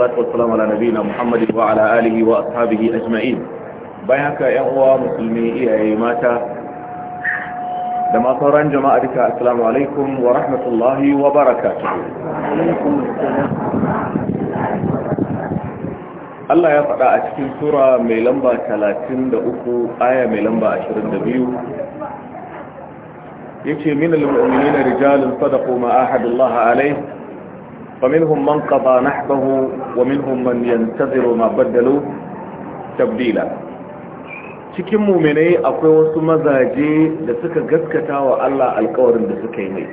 salatu wassalamu ala nabiyina muhammadin wa haka yan uwa musulmi iyaye mata da ma sauran jama'a duka assalamu alaikum wa rahmatullahi wa barakatuh Allah ya faɗa a cikin sura mai lamba 33 aya mai lamba 22 yake min al-mu'minina rijalun sadaqu ma ahadallahi alayhi فمنهم من قضى نحبه ومنهم من ينتظر ما بدلوا تبديلا cikin muminai akwai wasu mazaje da suka gaskata wa Allah alkawarin da suka yi mai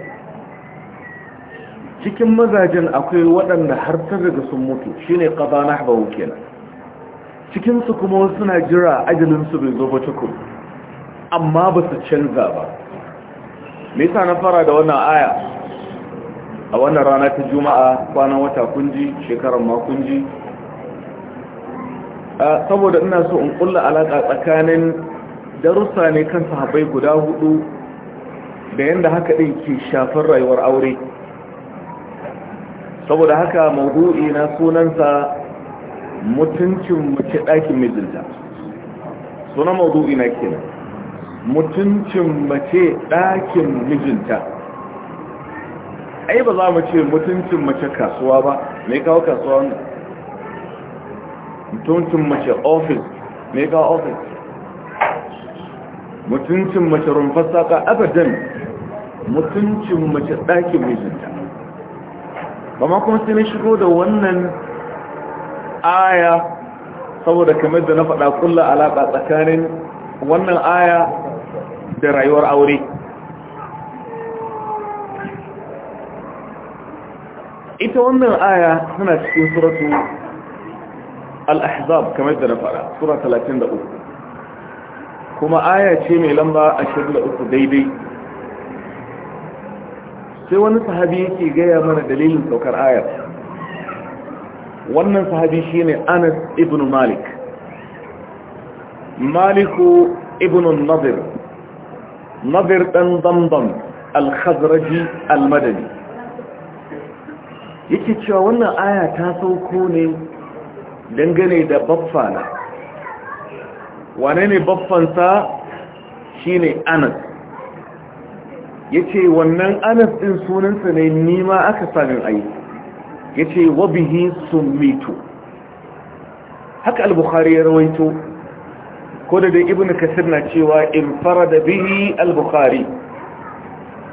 cikin mazajen akwai waɗanda har sun riga sun mutu shine qada nahbu kenan cikin su kuma wasu na jira ajalin su bai zo ba tukun amma ba su canza ba me yasa na fara da wannan aya a wannan rana ta juma'a kwanan wata kunji shekarar ma kunji saboda ina so in kulla alaƙa tsakanin darussa ne kan sahabbai guda hudu da yadda haka ɗin ke shafar rayuwar aure saboda haka maudu'i na sunansa mutuncin mace ɗakin mijinta sunan maudu'i na kenan mutuncin mace ɗakin mijinta ai ba za mu ce mutuncin mace kasuwa ba mai kawo kasuwa mutuncin mace ofis me kawo ofis mutuncin mace rumfar saƙa abadan mutuncin mace ɗakin mijinta ba ma kuma sai na shigo da wannan aya saboda kamar da na faɗa kulla alaƙa tsakanin wannan aya da rayuwar aure ita wannan aya tana cikin suratu al-ahzab kamar da na fara sura 33 kuma aya ce mai lamba 23 daidai sai wani sahabi yake gaya mana dalilin saukar ayar wannan sahabi shine Anas ibn Malik Maliku ibn Nadir Nadir dan Damdam al-Khazraji al-Madani yake cewa wannan aya ta sauko ne dangane da baffana wane ne baffansa shi ne anas ce wannan anas ɗin sunansa ne nima aka samin ai ce wa bihi mito. haka al ya rawaito ko da ibnu kasir na cewa in fara da bihi al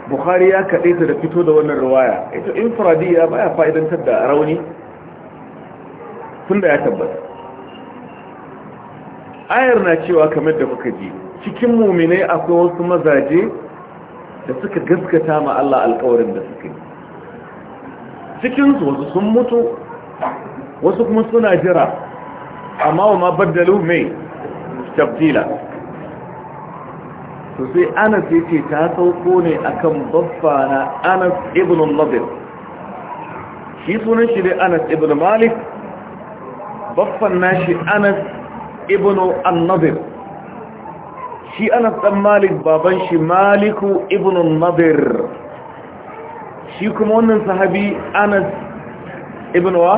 bukhari ya kaɗe ta da fito da wannan ruwaya ita infradiya ba ya fa'idantar da rauni tun da ya tabbata ayar na cewa kamar da kuka ji cikin muminai akwai wasu mazaje da suka gaskata ma Allah alkawarin da suka yi cikinsu wasu sun mutu wasu kuma suna jira amma wa ma baddalu mai tabdila to sai anas ya ce ta sauko ne akan babba na anas ibn al shi sunan shi ne anas ibn malik babban nashi anas ibn al-nadir shi anas dan malik baban shi maliku ibn al shi kuma wannan sahabi anas ibn wa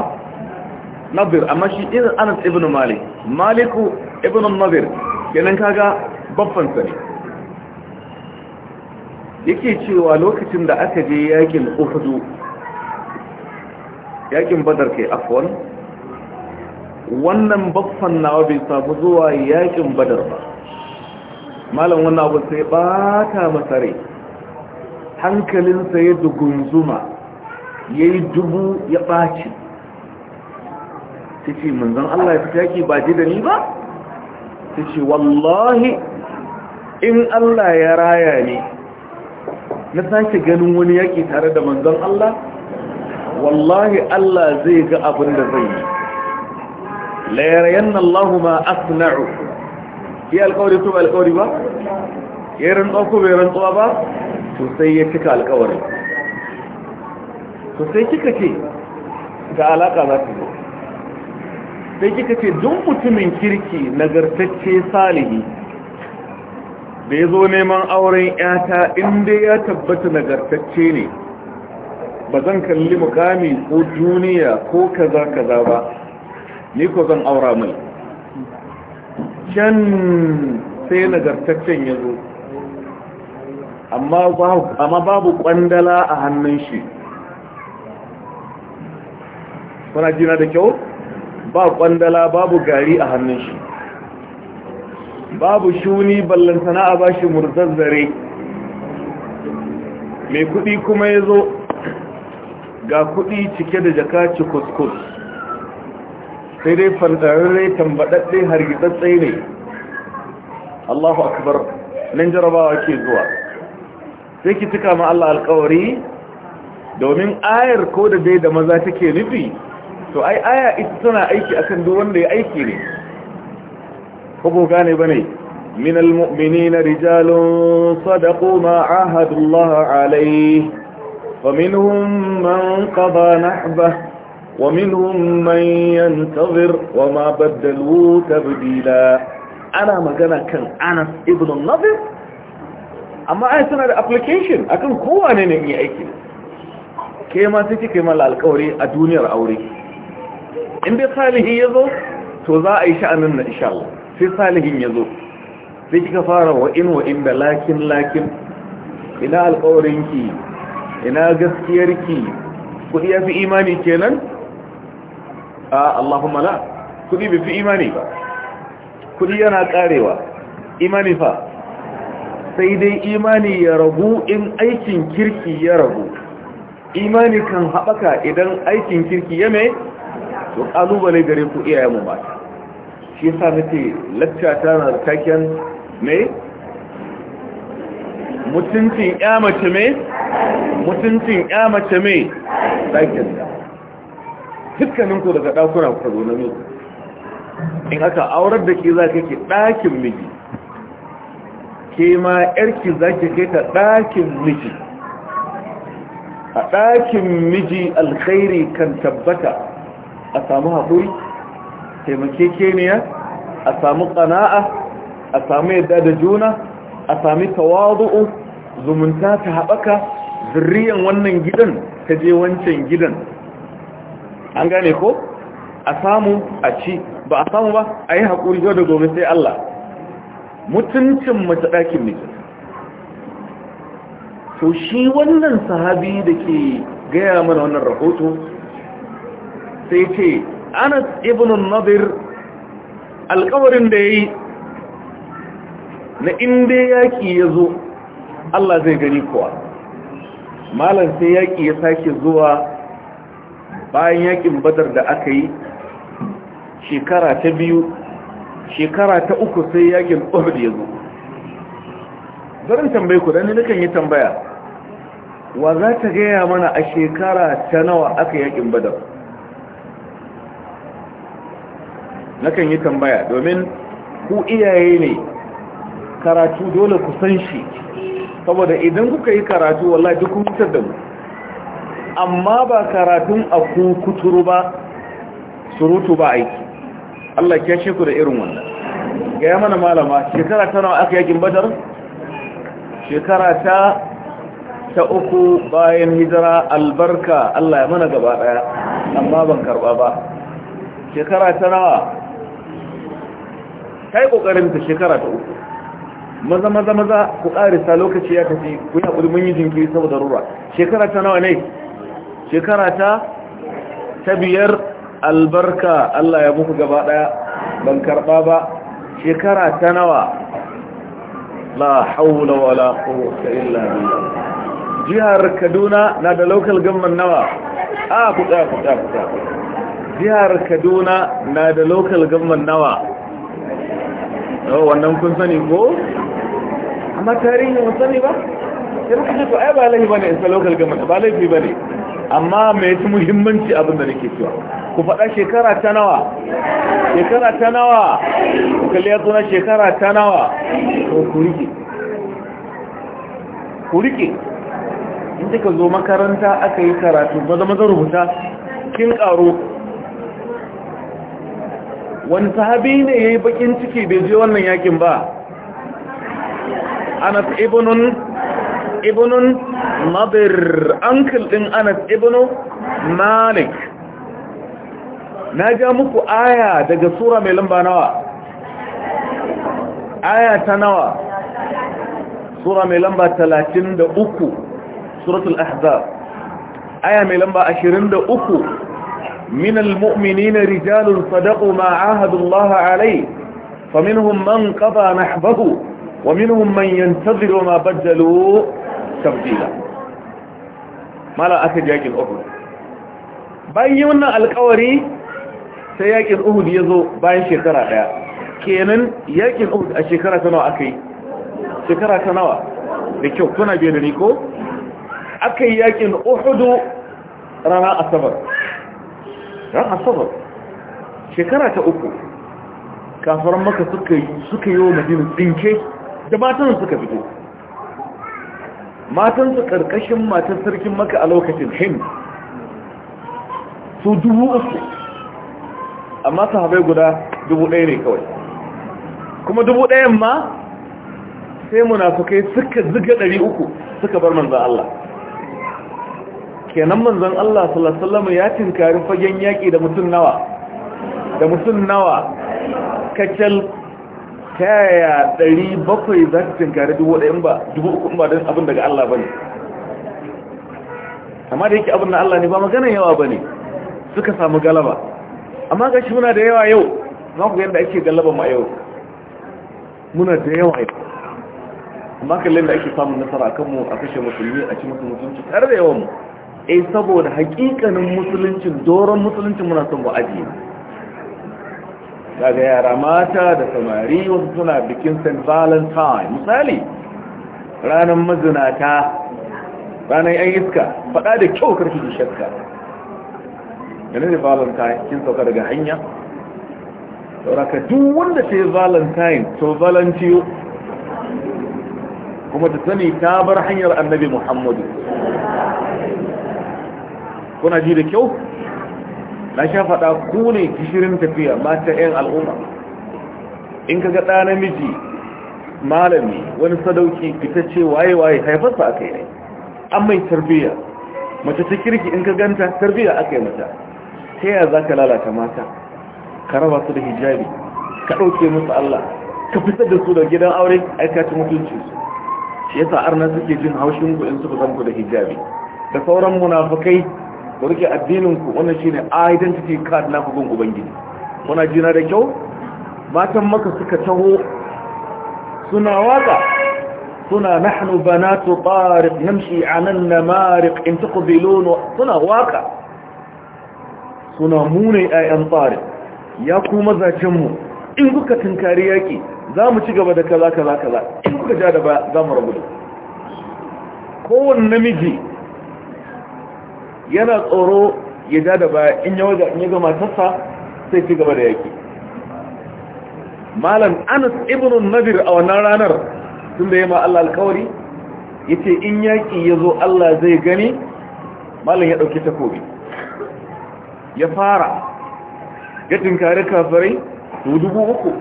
nadir amma shi irin anas ibn malik maliku ibn al-nadir kenan kaga babban sa ne yake cewa lokacin da aka je yakin uhudu yakin badar kai Afon, wannan baffan nawa bai samu zuwa yakin badar ba malam wannan abu sai bata masare hankalinsa ya dugunzuma ya yi dubu ya ɓaci ta ce manzan Allah ya fita yaki ba ji da ni ba ta ce wallahi in Allah ya raya ne na sake ganin wani yaƙi tare da manzon Allah wallahi Allah zai ga abin da zai yi la yarayanna lahu ma asna'u ya alƙawari alkawari alƙawari ba ya rantsuwa ko bai rantsuwa ba to sai ya cika alkawari. to sai kika ce ga alaƙa za ta zo sai kika ce don mutumin kirki nagartacce salihi da ya zo neman auren yata inda ya tabbata nagartacce ne ba zan kalli mukami ko duniya ko kaza kaza ba ni ko zan aura mai can sai nagartaccen ya zo amma babu kwandala a hannun shi kuna jina da kyau ba kwandala babu gari a hannun shi babu shuni ballantana a bashi murzazzare mai kudi kuma ya zo ga kudi cike da jaka kuskus sai dai fantararre tambadadde hargitsatse ne allahu akbar nan jarabawa ke zuwa sai ki cika ma allah alkawari domin ayar ko da dai da maza take nufi to ai aya ita tana aiki akan duk wanda ya aiki ne ko gane ba ne min almu'minina rijalun sadaqu ma ahadullah alayhi ba man qada nahbahu ومنهم wa ma وما بدلوا تبديلا ana magana kan Anas ibn Nadir amma ai suna da application akan kowane ne ne aiki ke ma sai ke ma alƙawari a duniyar aure in dai salihi yazo to za a yi sha'anin na insha Allah sai salihin ya zo sai kika fara wa in wa in da lakin lakin ina alƙawarinki ina gaskiyarki kuɗi ya fi imani kenan a Allahumma la kuɗi bai fi imani ba kuɗi yana ƙarewa imani fa sai dai imani ya ragu in aikin kirki ya ragu imani kan haɓaka idan aikin kirki ya mai to ƙalubale gare ku iyayen mu mata shi yasa nake lacca ta na taken me mutuncin ya mace me mutuncin ya mace me taken da dukkanin ku daga dakuna ku zo na miji in aka aurar da ke za ka ke dakin miji ke ma yarki za ki kai ta dakin miji a dakin miji alkhairi kan tabbata a samu haƙuri taimakekeniya a samu ƙana'a a samu yadda da juna a sami tawadu'u zumunta ta haɓaka zirriyan wannan gidan ta je wancan gidan an gane ko a samu a ci ba a samu ba a yi haƙuri yau da gobe sai Allah mutuncin mace ɗakin mijin to shi wannan sahabi da ke gaya mana wannan rahoto sai ce anas ibn nadir alkawarin da ya yi na inda yaƙi ya zo Allah zai gani kuwa malar sai yaƙi ya sake zuwa bayan yaƙin badar da aka yi shekara ta biyu shekara ta uku sai yaƙin ɓar ya zo zarin tambayi ku ɗani nukan yi tambaya wa za ta gaya mana a shekara ta nawa aka yaƙin badar nakan yi tambaya domin ku iyaye ne karatu dole ku san shi saboda idan kuka yi karatu wallahi duk kun da mu amma ba karatun a kuturu ba surutu ba aiki Allah ya sheku da irin wannan gaya mana malama shekara ta nawa aka yakin badar shekara ta ta uku bayan hijira albarka Allah ya mana gaba daya amma ban karba ba shekara ta nawa ta yi ƙoƙarin ta shekara ta uku maza maza maza ku ƙarisa lokaci ya tafi ku yi haƙuri mun yi jinkiri saboda rura shekara ta nawa ne shekara ta ta biyar albarka Allah ya muku gaba ɗaya ban karɓa ba shekara ta nawa la haula wala quwwata illa biyar. jihar Kaduna na da local government nawa a ah, ku ɗaya ku tsaya ku tsaya jihar Kaduna na da local government nawa yau oh, wannan kun sani ko amma tarihin kun sani ba Yar muka ce to ai ba laifi ne in sa local government ba laifi ne. amma me yafi muhimmanci abin da nake cewa ku faɗa shekara ta nawa shekara ta nawa ku kalli ya tsona shekara ta nawa to ku rike ku rike in ka zo makaranta aka yi karatu maza maza rubuta kin karo wani sahabi ne ya yi bakin ciki bai je wannan yakin ba anas ibnun ibnun nadir ankil din anas ibnu malik na ja muku aya daga sura mai lamba nawa aya ta nawa sura mai lamba 33 suratul ahzab aya mai lamba uku. من المؤمنين رجال صدقوا ما عاهدوا الله عليه فمنهم من قضى نحبه ومنهم من ينتظر ما بدلوا تبديلا ما لا أكد ياكل أهد بينا القوري سياكل أهد يزو باين شكرا يا. كينن ياكل أهد الشكرا تنوى أكي شكرا تنوى لكيو كنا بينا نيكو أكي ياكل أهد رناء أصبر ran asabar shekara ta uku kafaran maka suka yi wa madina dinke da matan suka fito matan su karkashin matan sarkin maka a lokacin hin su dubu uku amma sahabai guda dubu ɗaya ne kawai kuma dubu ɗayan ma sai munafukai suka ziga ɗari uku suka bar manzan Allah kenan manzon Allah sallallahu alaihi wasallam ya tinkari fagen yaki da mutun nawa da mutun nawa kacal taya 700 za ta tinkari dubu da ba dubu uku ba don abin daga Allah bane amma da yake abin da Allah ne ba magana yawa bane suka samu galaba amma ga shi muna da yawa yau za ku yanda ake galaba ma yau muna da yawa yau amma kallon da ake samun nasara kanmu a kashe musulmi a ci musu mutunci tare da yawan mu eh saboda hakikanin musuluncin doron musuluncin muna son wa'azi daga yara mata da samari wasu suna bikin st valentine misali ranar mazinata ranar yan iska faɗa da kyau karfi da shakka ganin da valentine kin sauka daga hanya sauraka duk wanda ta yi valentine to valentine kuma ta sani ta bar hanyar annabi muhammadu kuna ji da kyau na sha faɗa ku ne kishirin tafiya mata 'yan al'umma in ka ga ɗa namiji malami wani sadauki fitacce waye-waye haifarsa aka yi an mai tarbiyya mace ta kirki in ka ganta tarbiyya aka yi mata ta yaya za ka lalata mata ka raba su da hijabi ka ɗauke musu Allah ka fita da su da gidan aure aikacin mutunci su shi yasa arna suke jin haushin ku in suka ku da hijabi da sauran munafukai ba rike addininku wannan shine identity card na hukun ubangiji kuna jina da kyau matan maka suka taho suna waka suna nahnu banatu tariq namshi anan namariq in taqbilun suna waka suna mune ayan tariq ya ku mazajen mu in kuka tunkari yaki za mu ci gaba da kaza kaza kaza in kuka ja da ba za mu rabu kowanne namiji yana tsoro ya ja da baya in ya waje in ya gama tassa sai fi gaba da yaki malam anas ibn nadir a wannan ranar tun da ya ma Allah alkawari ya ce in yaƙi ya zo Allah zai gani malam ya ɗauki takobi ya fara ya tinkari kafirai su dubu uku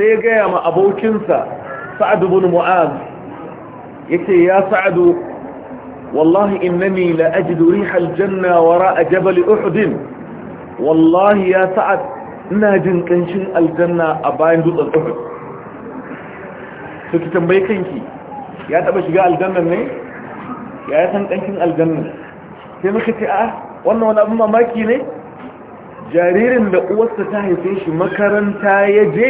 sai ya gaya ma abokinsa sa'adu bin mu'az ya ce ya sa'adu wallahi إنني لأجد ريح الجنة janna جبل أحد والله يا ya sa'ad ina jin أباين aljanna a bayan dutsen uhud to ki tambaye kanki ya يا shiga aljanna ne ya كنت san وانا aljanna sai muka ce wani mamaki ne jaririn da uwarsa ta haife shi makaranta ya je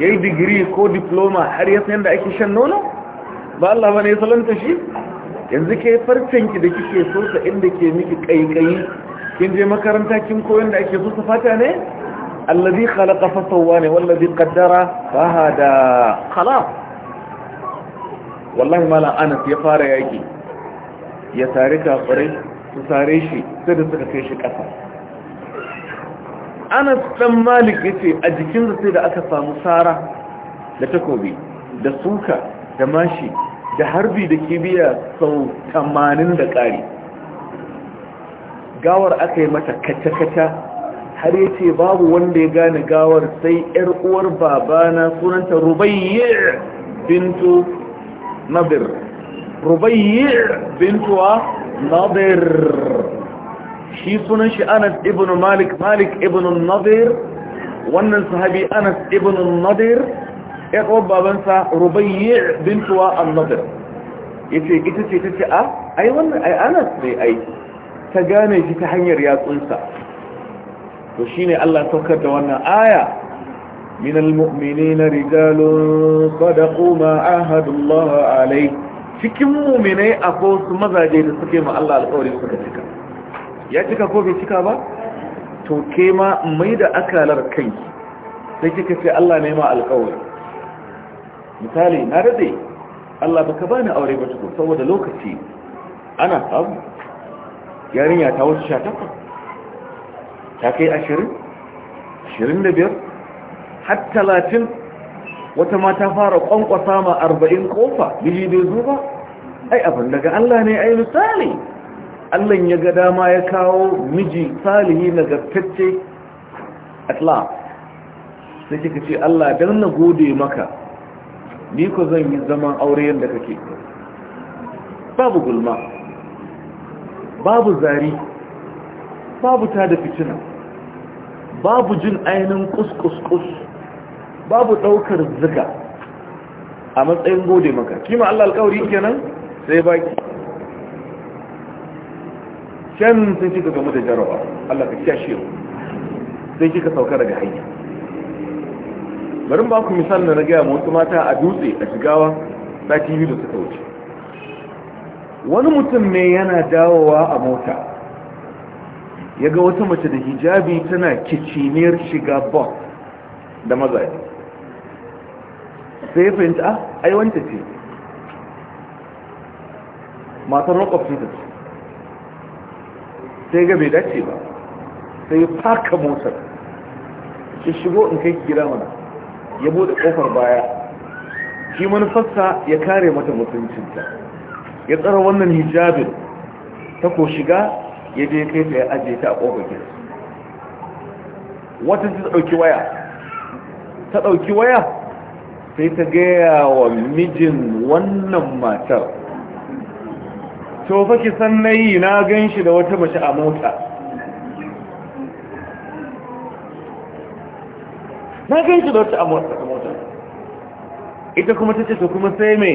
ya yi digiri ko diploma har ya san da ake shan nono ba Allah ba ne ya salanta shi yanzu ke farcenki da kike sosa inda ke miki kaikayi kin je makaranta kin koyon da ake sosa fata ne allazi khalaqa fa sawwa ne wallazi qaddara fa hada khalas wallahi mala anas ya fara yaki ya tare kafirai su sare shi sai da suka kai shi kasa anas dan malik yace a jikin sai da aka samu sara da takobi da suka da mashi da harbi da kibiya sau 80 da ƙari gawar aka yi mata kacakata har ya ce babu wanda ya gane gawar sai 'yar uwar babana sunanta rubayya bintu nabir rubayya bintuwa nabir shi sunan shi anas ibn malik malik ibn nabir wannan sahabi anas ibn nabir ya kawo babansa rubayyi bintuwa al nadir yace ita ce tace a ai wannan ai Anas ne ai ta gane shi ta hanyar yatsunsa to shine Allah saukar da wannan aya من المؤمنين رجال صدقوا ما عاهدوا الله a'lai cikin muminai akwai wasu mazaje da suke ma Allah alƙawari suka cika ya cika ko bai cika ba to ke ma mai da akalar kai sai kika ce Allah ne ma alƙawari misali na rade Allah baka bani aure ba tukun saboda lokaci ana samu yarinya ta sha takwas, ta kai da biyar, har talatin, wata ma ta fara kwankwasa ma arba'in kofa biji da zuba ai abin daga Allah ne ai misali Allah ya ga dama ya kawo miji salihi nagartacce at la, sai kika ce Allah dan na gode maka ni ko zan yi zaman aure yadda kake babu gulma babu zari babu ta da fitina babu jin ainihin kus kus babu ɗaukar zuga a matsayin gode maka kima Allah alkawari kenan sai baki can sai kika gamu da jarawa Allah ka kyashe sai kika sauka daga hanya bari ba ku misali na gaya wasu mata a dutse a shigawa sati biyu da suka wuce wani mutum ne yana dawowa a mota ya ga wata mace da hijabi tana kiciniyar shiga bus da mazaje sai ya fahimta a ah, aiwanta ce matar rock ta ce sai ga bai dace ba sai ya faka motar shi shigo in kai gida mana ya bude kofar baya shi manufarsa ya kare mata mutuncinta ya tsara wannan hijabin ta ko shiga ya je kai ta ya aje ta a kofar gida wata ta dauki waya ta dauki waya sai ta gaya wa mijin wannan matar to fa ki san yi na ganshi da wata mace a mota ta gan shi da wata mota ita kuma ta ce to kuma sai mai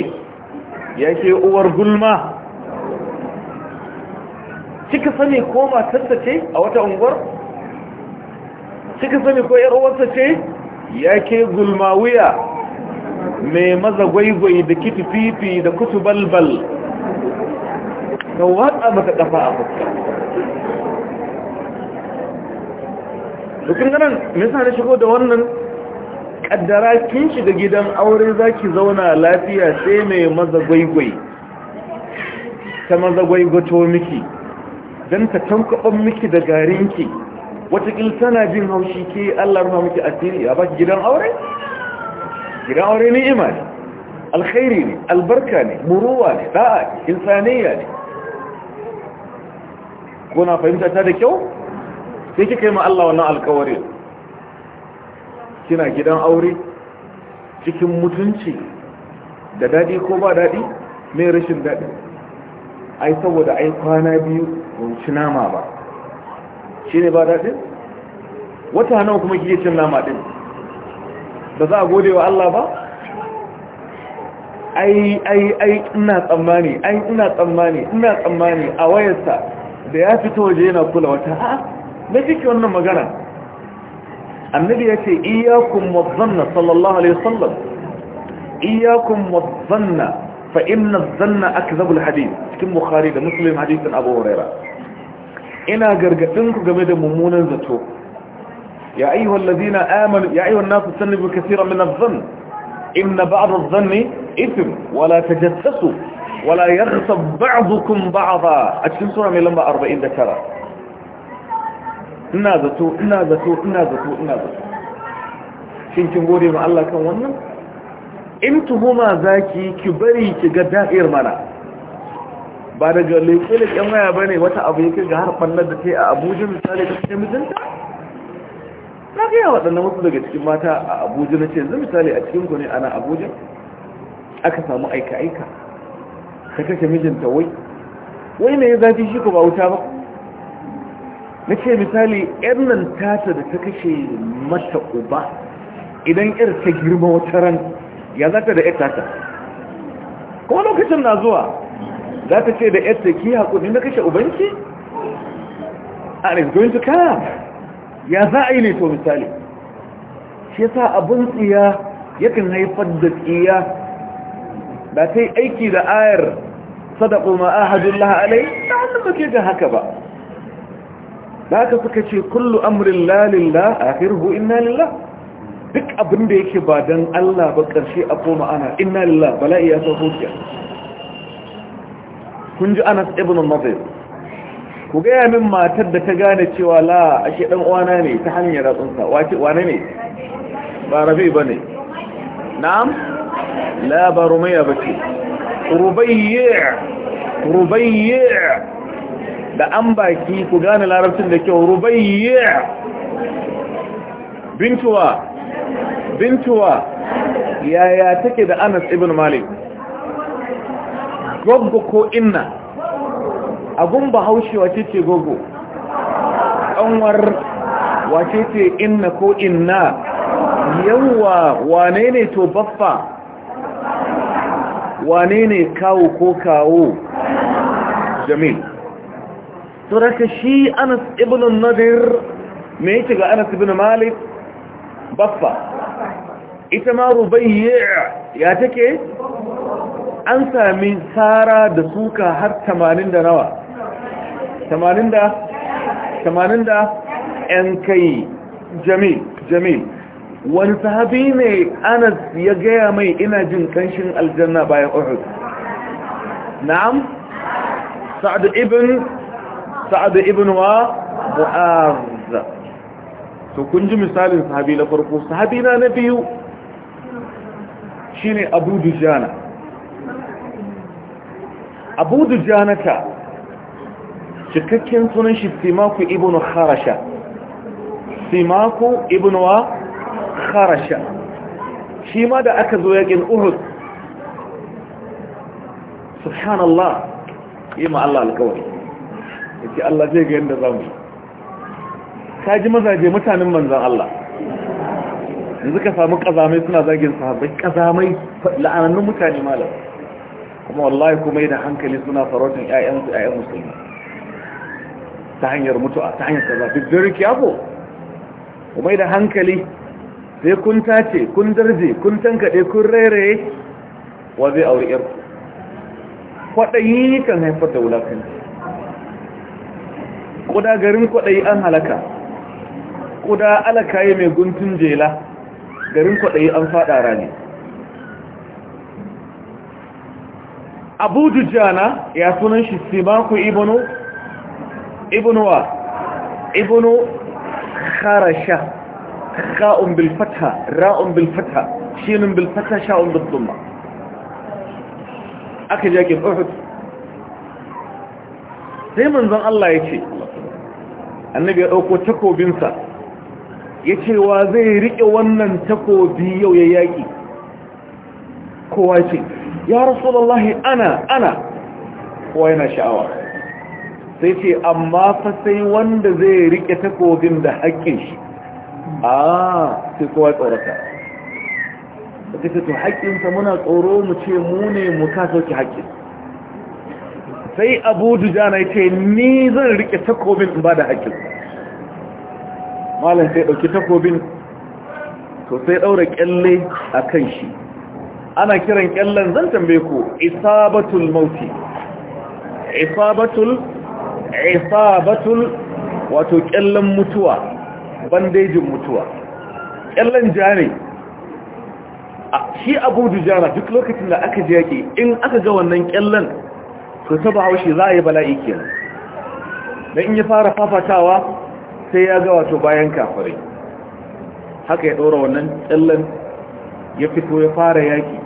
ya ke uwar gulma cika sani ko matarsa ce a wata unguwar cika sani ko yar uwarsa ce ya ke gulma wuya mai maza gwaigwai da kiti fifi da kutu balbal ka watsa maka ƙafa a fuska dukkan ganin me yasa shigo da wannan Addara kin shiga gidan aure zaki zauna lafiya sai mai maza gwaigwai ta maza gwaigwato miki don ta tankaban miki da garinki watakil tana jin haushi ke allah ruwa miki asiri a baki gidan aure? gidan aure ne imani alkhairi ne albarka ne muruwa ne da'a insaniya ne kuna fahimta ta da kyau sai kika yi ma allah wannan alkawarin kina gidan aure cikin mutunci da daɗi ko ba daɗi mai rashin daɗi ai saboda ai kwana biyu mun ci nama ba shi ne ba daɗin wata nawa kuma kike cin nama ɗin ba za a gode wa Allah ba ai ai ai ina tsammani ai ina tsammani ina tsammani a wayarsa da ya fito waje yana kula wata a na kike wannan magana النبي يقول إياكم والظن صلى الله عليه وسلم إياكم والظن فإن الظن أكذب الحديث كم خاريدة مسلم حديث أبو هريرة إنا قرقتنك قمدا ممونا زتو يا أيها الذين آمنوا يا أيها الناس تسنبوا كثيرا من الظن إن بعض الظن إثم ولا تجسسوا ولا يغصب بعضكم بعضا أجل سورة من لما أربعين ذكرت ina zato ina zato ina zato ina zato shin kin gode ma Allah kan wannan in tuhuma zaki ki bari ki ga da'ir mana ba da jalle kila kyan waya bane wata abu yake ga har fannar da kai a Abuja misali ta ce mijinta na ga wadannan wasu daga cikin mata a Abuja na ce yanzu misali a cikin ku ne ana Abuja aka samu aika aika ka kashe mijinta wai wai me ya zafi shi ko ba wuta ba na ce misali yan nan tata da ta kashe mata uba idan yar ta girma wata ran ya za ta da yar tata kuma lokacin na zuwa za ta ce da yar ta ki haƙuri na kashe ubanki a ne going to come ya za a yi ne to misali shi sa abin tsiya yakan haifar da tsiya ba ta yi aiki da ayar sadaku ma'ahadun laha'alai ta hannun ba ke ga haka ba da haka suka ce kullu lalila, lalillah akhirhu inna lillah duk abin da yake ba dan Allah ba ƙarshe a koma ana inna lillah bala'i ya sauko ki kun ji Anas ibn Malik ku gaya min matar da ta gane cewa la ashe dan uwana ne ta hanyar ratsunsa wace wane ne ba ba ne. na'am la ba rumayya bace rubayya rubayya da an baki ku gane larabcin da kyau rubayya bintuwa bintuwa yaya take da anas ibn malik gogo ko inna agun ba haushe wace ce gogo kanwar wace ce inna ko inna yawa wane ne to baffa wane ne kawo ko kawo jamil to raka shi anas ibn nadir me yake ga anas ibn malik baffa ita ma rubayya ya take an sami sara da suka har tamanin da nawa Tamanin da tamanin da ‘yan kai jamil jamil wani sahabi ne anas ya gaya mai ina jin kanshin aljanna bayan uhud na'am sa'ad ibn sa'ad ibn wa to kun ji misalin sahabi na farko sahabi na na biyu shine abu dujana abu dujana ta cikakken sunan shi simaku ibn kharasha simaku ibn wa kharasha shi ma da aka zo yakin uhud subhanallah yi ma Allah alkawari yake Allah zai ga yadda za mu ka ji mazaje mutanen manzan Allah yanzu ka samu kazamai suna zagin sahabbai kazamai la'anannun mutane malam kuma wallahi kuma da hankali suna farautin ƴaƴan su ƴaƴan musulmi ta hanyar mutuwa ta hanyar kaza duk dare kiyafo kuma da hankali sai kun tace kun darje kun tankade kun rairaye wa zai aure yarku kwaɗayi kan haifar da wulakanci kuda garin kwaɗayi an halaka kuda yi mai guntun jela garin kwaɗayi an faɗa rani abu jujjana ya sunan shi simaku ibnu ibnu wa ibnu kharasha kha'un bil ra'un bilfata fatha shinun sha'un bil aka je ke sai manzan Allah ya ce annabi ya ɗauko takobinsa ya ce wa zai riƙe wannan takobi yau ya yaƙi kowa ce ya rasulallahi ana ana kowa yana sha'awa sai ce amma fa sai wanda zai riƙe takobin da haƙƙin shi a sai kowa tsorata da ta to haƙƙinsa muna tsoro mu ce mu ne mu kasauki haƙƙinsa sai abu dujana ya ce ni zan rike takobin in ba da haƙƙin malam sai dauki takobin to sai ɗaura ƙyalle a kan shi ana kiran ƙyallen zan tambaye ku isabatul mauti isabatul isabatul wato kyallen mutuwa bandejin mutuwa kyallen ja ne shi abu dujana duk lokacin da aka je in aka ga wannan kyallen to bahaushe za a yi bala'i kenan da in ya fara fafatawa sai ya ga wato bayan kafare haka ya ɗora wannan tsallan ya fito ya fara yaki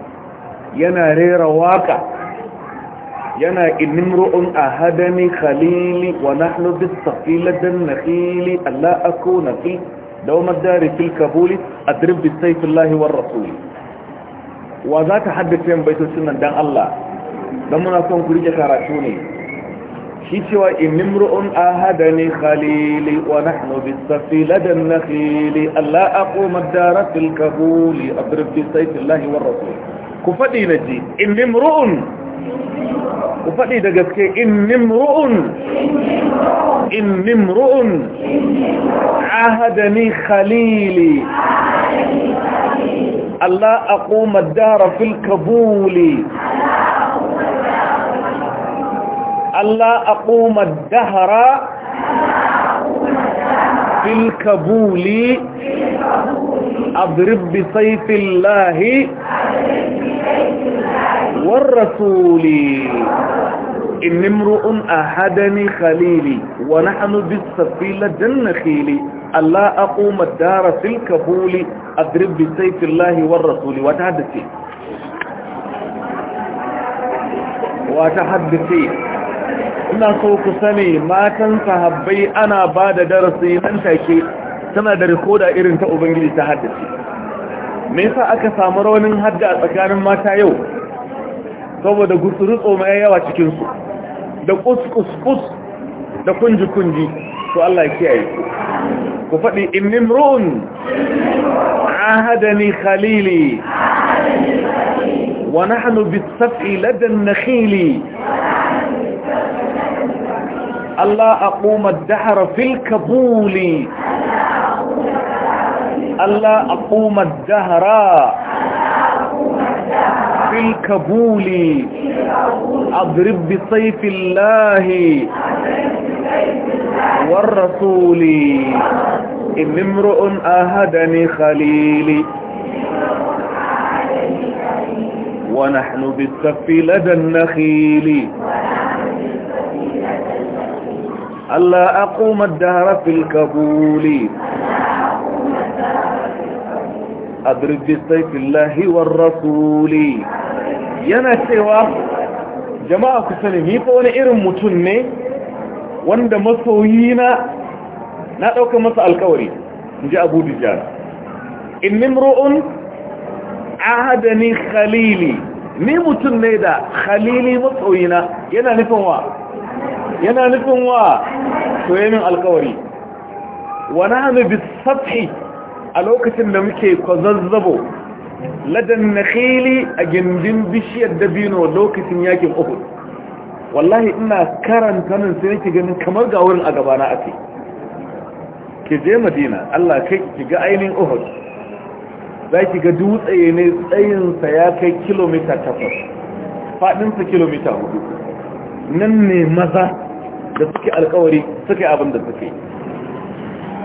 yana rera waka yana inin ru'un a hadani khalili wa nahnu bisafiladan nakhili Allah akuna fi dawmad dari fil kabuli adrib bisayfillahi war rasuli wa za ta haddace baitocin nan dan Allah don muna son ku rike karatu ne shi cewa imimru'un ahada ne khalili wa nahnu bi safiladan nakhili alla aquma daratil kabuli adrib bi sayfillahi war rasul ku fadi naji imimru'un ku fadi da gaske imimru'un imimru'un ahada ne khalili alla aquma daratil kabuli ألا أقوم الدهر في الكبول أضرب بسيف الله والرسول إن امرؤ أحدني خليلي ونحن بالسفيلة جنخيلي ألا أقوم الدهر في الكبول أضرب بسيف الله والرسول وتحدثي وتحدثي ina so ku sani matan sahabbai ana ba da darasi nan take tana da rikoda irin ta ubangiji ta haddace me yasa aka samu raunin hadda a tsakanin mata yau saboda gusuru tsoma ya yawa cikinsu. da kuskus da kunji-kunji to Allah kiyaye ku faɗi innim ru'un ahadani khalili wa nahnu bis-saf'i ladan ألا أقوم الدهر في الكبول ألا أقوم الدهر في الكبول أضرب بسيف الله والرسول إن امرؤ آهدني خليلي ونحن بالسف لدى النخيل ألا أقوم الدهر في الكبول أدرب بالسيف الله والرسول ينا سوى جماعة السلمي فأنا إرم متنة واند مصوينة نأوك مسأل كوري نجا أبو دجال إن امرؤن عهدني خليلي ني دا خليلي مصوينة ينا نفهمها yana nufin wa soyayyen alkawari wa nahnu bisathi a lokacin da muke kwazazzabo ladan na nakhili a gindin bishiyar dabino lokacin yakin uku wallahi ina karanta nan sai nake ganin kamar ga wurin a gabana ake Ke je madina Allah kai ki ga ainihin uhud za ki ga dutse ne tsayinsa ya kai kilomita takwas faɗinsa kilomita hudu nan ne maza da suke alkawari suke abin da suke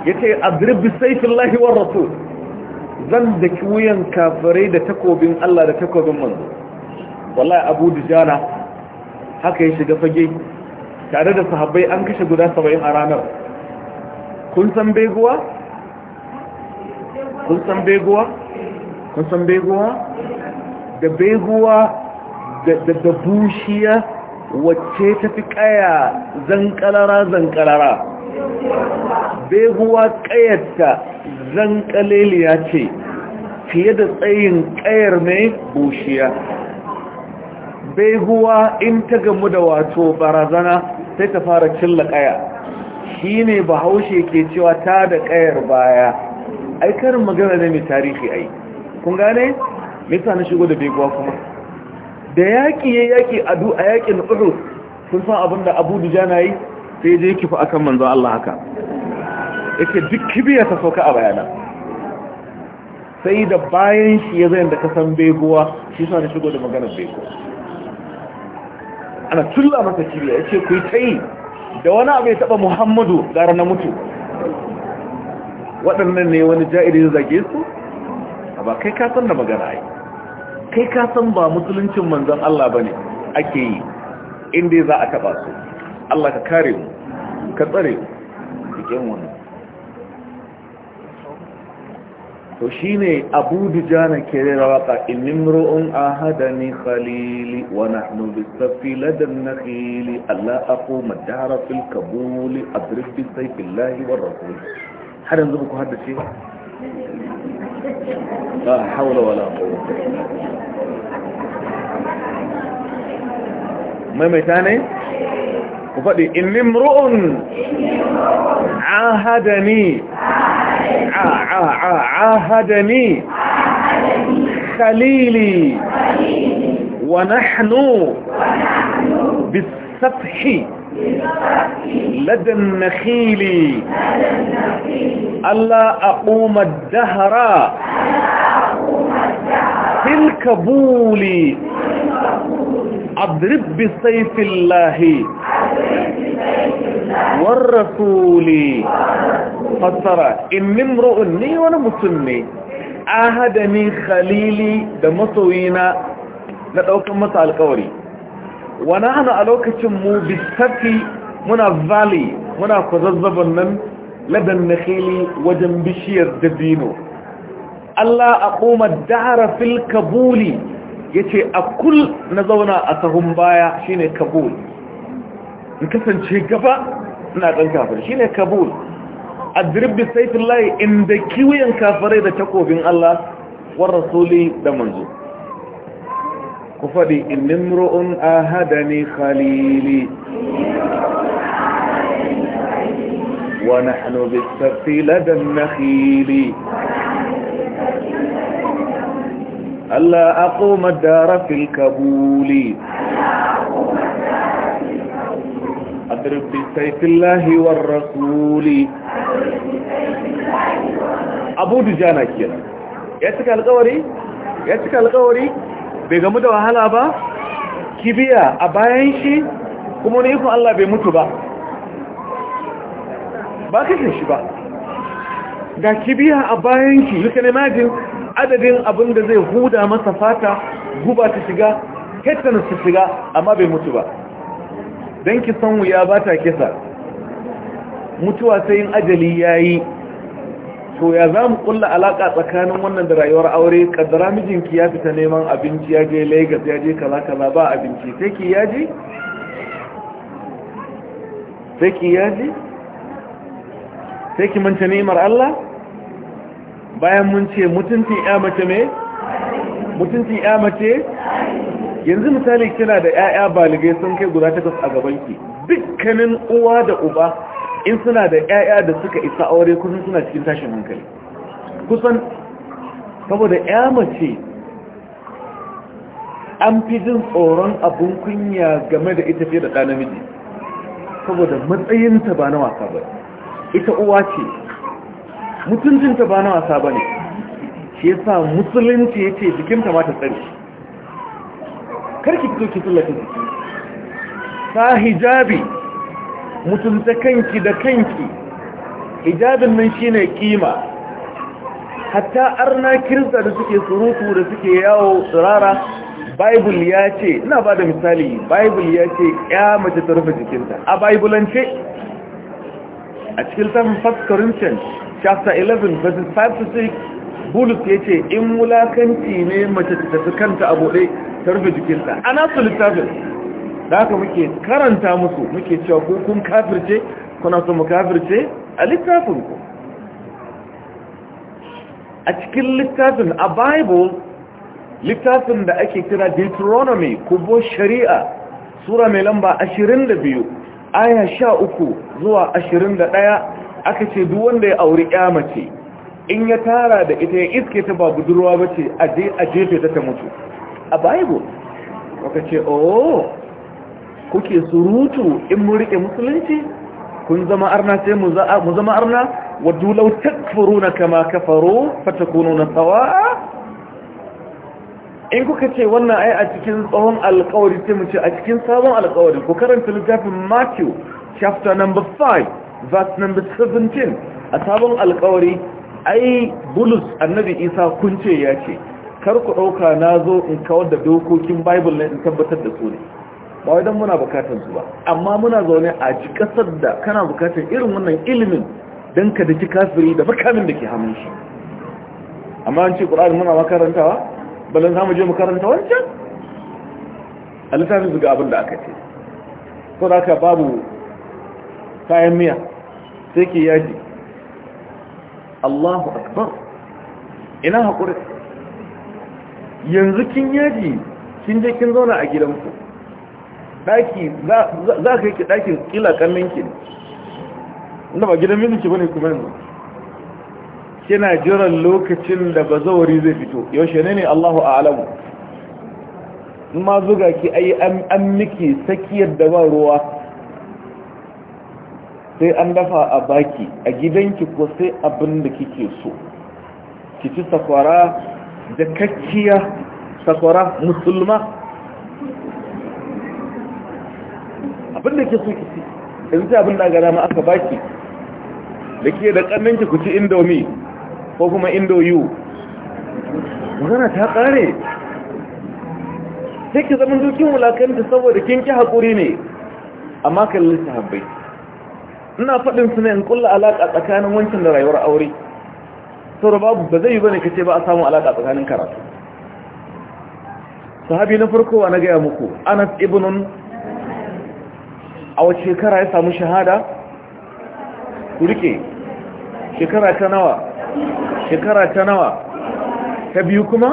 yace adrib bi sayfillahi war rasul zan da kiwuyan kafirai da takobin Allah da takobin manzo wallahi Abu Dujana haka ya shiga fage tare da sahabbai an kashe guda 70 a ranar kun san beguwa kun san beguwa kun san beguwa da beguwa da da bushiya wacce ta fi kaya zankalara zankalara beguwa kayarta zankaleliya ce fiye da tsayin ƙayar mai bushiya beguwa in ta gamu da wato barazana sai ta fara cilla ƙaya, shi ne bahaushe ke cewa ta da ƙayar baya ai karin magana ne mai tarihi ai kun gane? me sa na shigo da beguwa kuma da yaƙi ya yaƙi a yaƙin uhud sun san abin da abu na yi sai je kifa akan manzo Allah haka yake duk kibiya ta sauka a bayana sai da bayan shi ya zai da kasan beguwa shi suna da shigo da maganar beguwa ana tulla masa kibiyar ya ce ku yi yi da wani abu ya taɓa muhammadu gara na mutu waɗannan ne wani ja'irin zage su a ba kai kasan da magana yi kai ka san ba musuluncin manzon Allah bane ake yi inda za a taba su Allah ka kare mu ka tsare mu cikin wani to shine Abu Dujana ke rawa a innimru'un ahadani khalili wa nahnu bisafi ladan nakhili alla aquma dara fil kabul adrib bi sayfillahi wa rasul har yanzu ku haddace ba hawla wala quwwata illa billah maimaita ne ku faɗi innim ru'un ahadani ahadani khalili wa nahnu bisafhi لدى النخيل ألا أقوم الدهر في الكبول أضرب بسيف الله والرسول فترى إن امرؤ ني وأنا مسلمي اهدني خليلي دمطوينا مصوينا نتوكل مسا القوري ونحن الوك تمو بالسفي muna valley muna kwazazzaban من لدى النخيل wajen bishiyar الله اقوم الدعر في الكبولي ya ce a kul na zauna a sahun baya shine kabul in kasance gaba ina ɗan kafir shine kabul a dirbi saifin layi inda kiwiyan kafirai da takobin Allah war rasuli da manzo ku faɗi innin ro'un a hada hadani khalili wa na nahnu bi ladan na nakhili ألا أقوم الدار في الكبول أضرب بسيف الله والرسول أبو دجانا كيرا يتكى القوري يتكى القوري بيغمد وحالا با kibiya a bayan shi kuma ne ikon Allah bai mutu ba ba kashe shi ba ga kibiya a bayan shi ne majin adadin abin da zai huda masa fata guba ta shiga tetanus ta shiga amma bai mutu ba don san wuya ba ta kisa mutuwa sai yin ajali ya yi to ya za mu kulla alaƙa tsakanin wannan da rayuwar aure kadara mijinki ya fita neman abinci ya je lagos ya je kaza kaza ba abinci sai ki yaji sai ki yaji sai ki manta neman Allah bayan mun ce mutuncin ƴamace mace mutuncin yanzu misali kina da 'ya'ya baligai sun kai guda takwas a gabanki dukkanin uwa da uba in suna da 'ya'ya da suka isa aure kusan suna cikin tashin hankali kusan saboda 'ya mace an fi jin tsoron abin kunya game da ita fiye da ɗa namiji saboda matsayinta ba na wasa ba ita uwa ce mutuncinta ba na wasa ba ne shi ya sa musulunci ya ce jikinta ma ta tsari karki fito ki tsallata jiki ta hijabi mutunta kanki da kanki hijabin nan shi ne kima hatta arna kirista da suke surutu da suke yawo tsirara bible ya ce ina ba da misali bible ya ce ya mace ta rufe jikinta a biblance a cikin samun first corinthians chapter 11 verses 5 to 6 bulus ya ce in mulakanci ne mace ta tafi kanta a bude ta rufe jikinta ana nasu littafin da haka muke karanta musu muke cewa ko kun kafirce kuna su mu kafirce a littafin ku a cikin littafin a bible littafin da ake kira deuteronomy kubo shari'a sura mai lamba 22 aya 13 zuwa 21 aka ce duk wanda ya auri ya mace in ya tara da ita ya iske ta ba budurwa ba ce a jefe ta ta mutu a bible waka ce oh kuke surutu in murike musulunci kun zama arna sai mu zama arna wadda lau takfuruna kama kafaro na sawa. in kuka ce wannan ai a cikin tsohon alkawari sai mu ce a cikin sabon alkawari ku karanta littafin Matthew chapter number verse number 17 a sabon alkawari ai bulus annabi isa kunce ya ce kar ku ɗauka na zo in kawar da dokokin bible ne in tabbatar da su ne ba wai muna bukatar su ba amma muna zaune a ci ƙasar da kana bukatar irin wannan ilimin don ka daki kafiri da makamin da ke hannun shi amma an ce ƙur'ani muna makarantawa balan za mu je makaranta wancan a littafin zuga abin da aka ce ko da aka babu kayan miya sai ke yaji Allahu akbar ina haƙuri yanzu kin yaji kin je kin zauna a gidanku Daki za ka yi daki kila ƙannin ki inda ba gidan mijinki ba ne kuma yanzu kina jiran lokacin da bazawari zai fito yaushe ne ne Allahu a'lamu ma zuga ki ai an miki sakiyar da ba ruwa sai an dafa a baki a gidanki ko sai abin da kike so ki ci sakwara da kakkiya sakwara musulma abin da ke so ki ci yanzu abin da gada ma aka baki da ke da ƙannanki ku ci indomi ko kuma indoyu magana ta ƙare sai ki zama dukin wulakanta saboda kin ki haƙuri ne amma kallon sahabbai ina faɗin su ne in kulla alaƙa tsakanin wancan da rayuwar aure da babu ba zai yi bane kace ba a samu alaƙa tsakanin karatu sahabi na farko wa na gaya muku anas ibnun a wace shekara ya samu shahada ku rike shekara ta nawa shekara ta nawa ta biyu kuma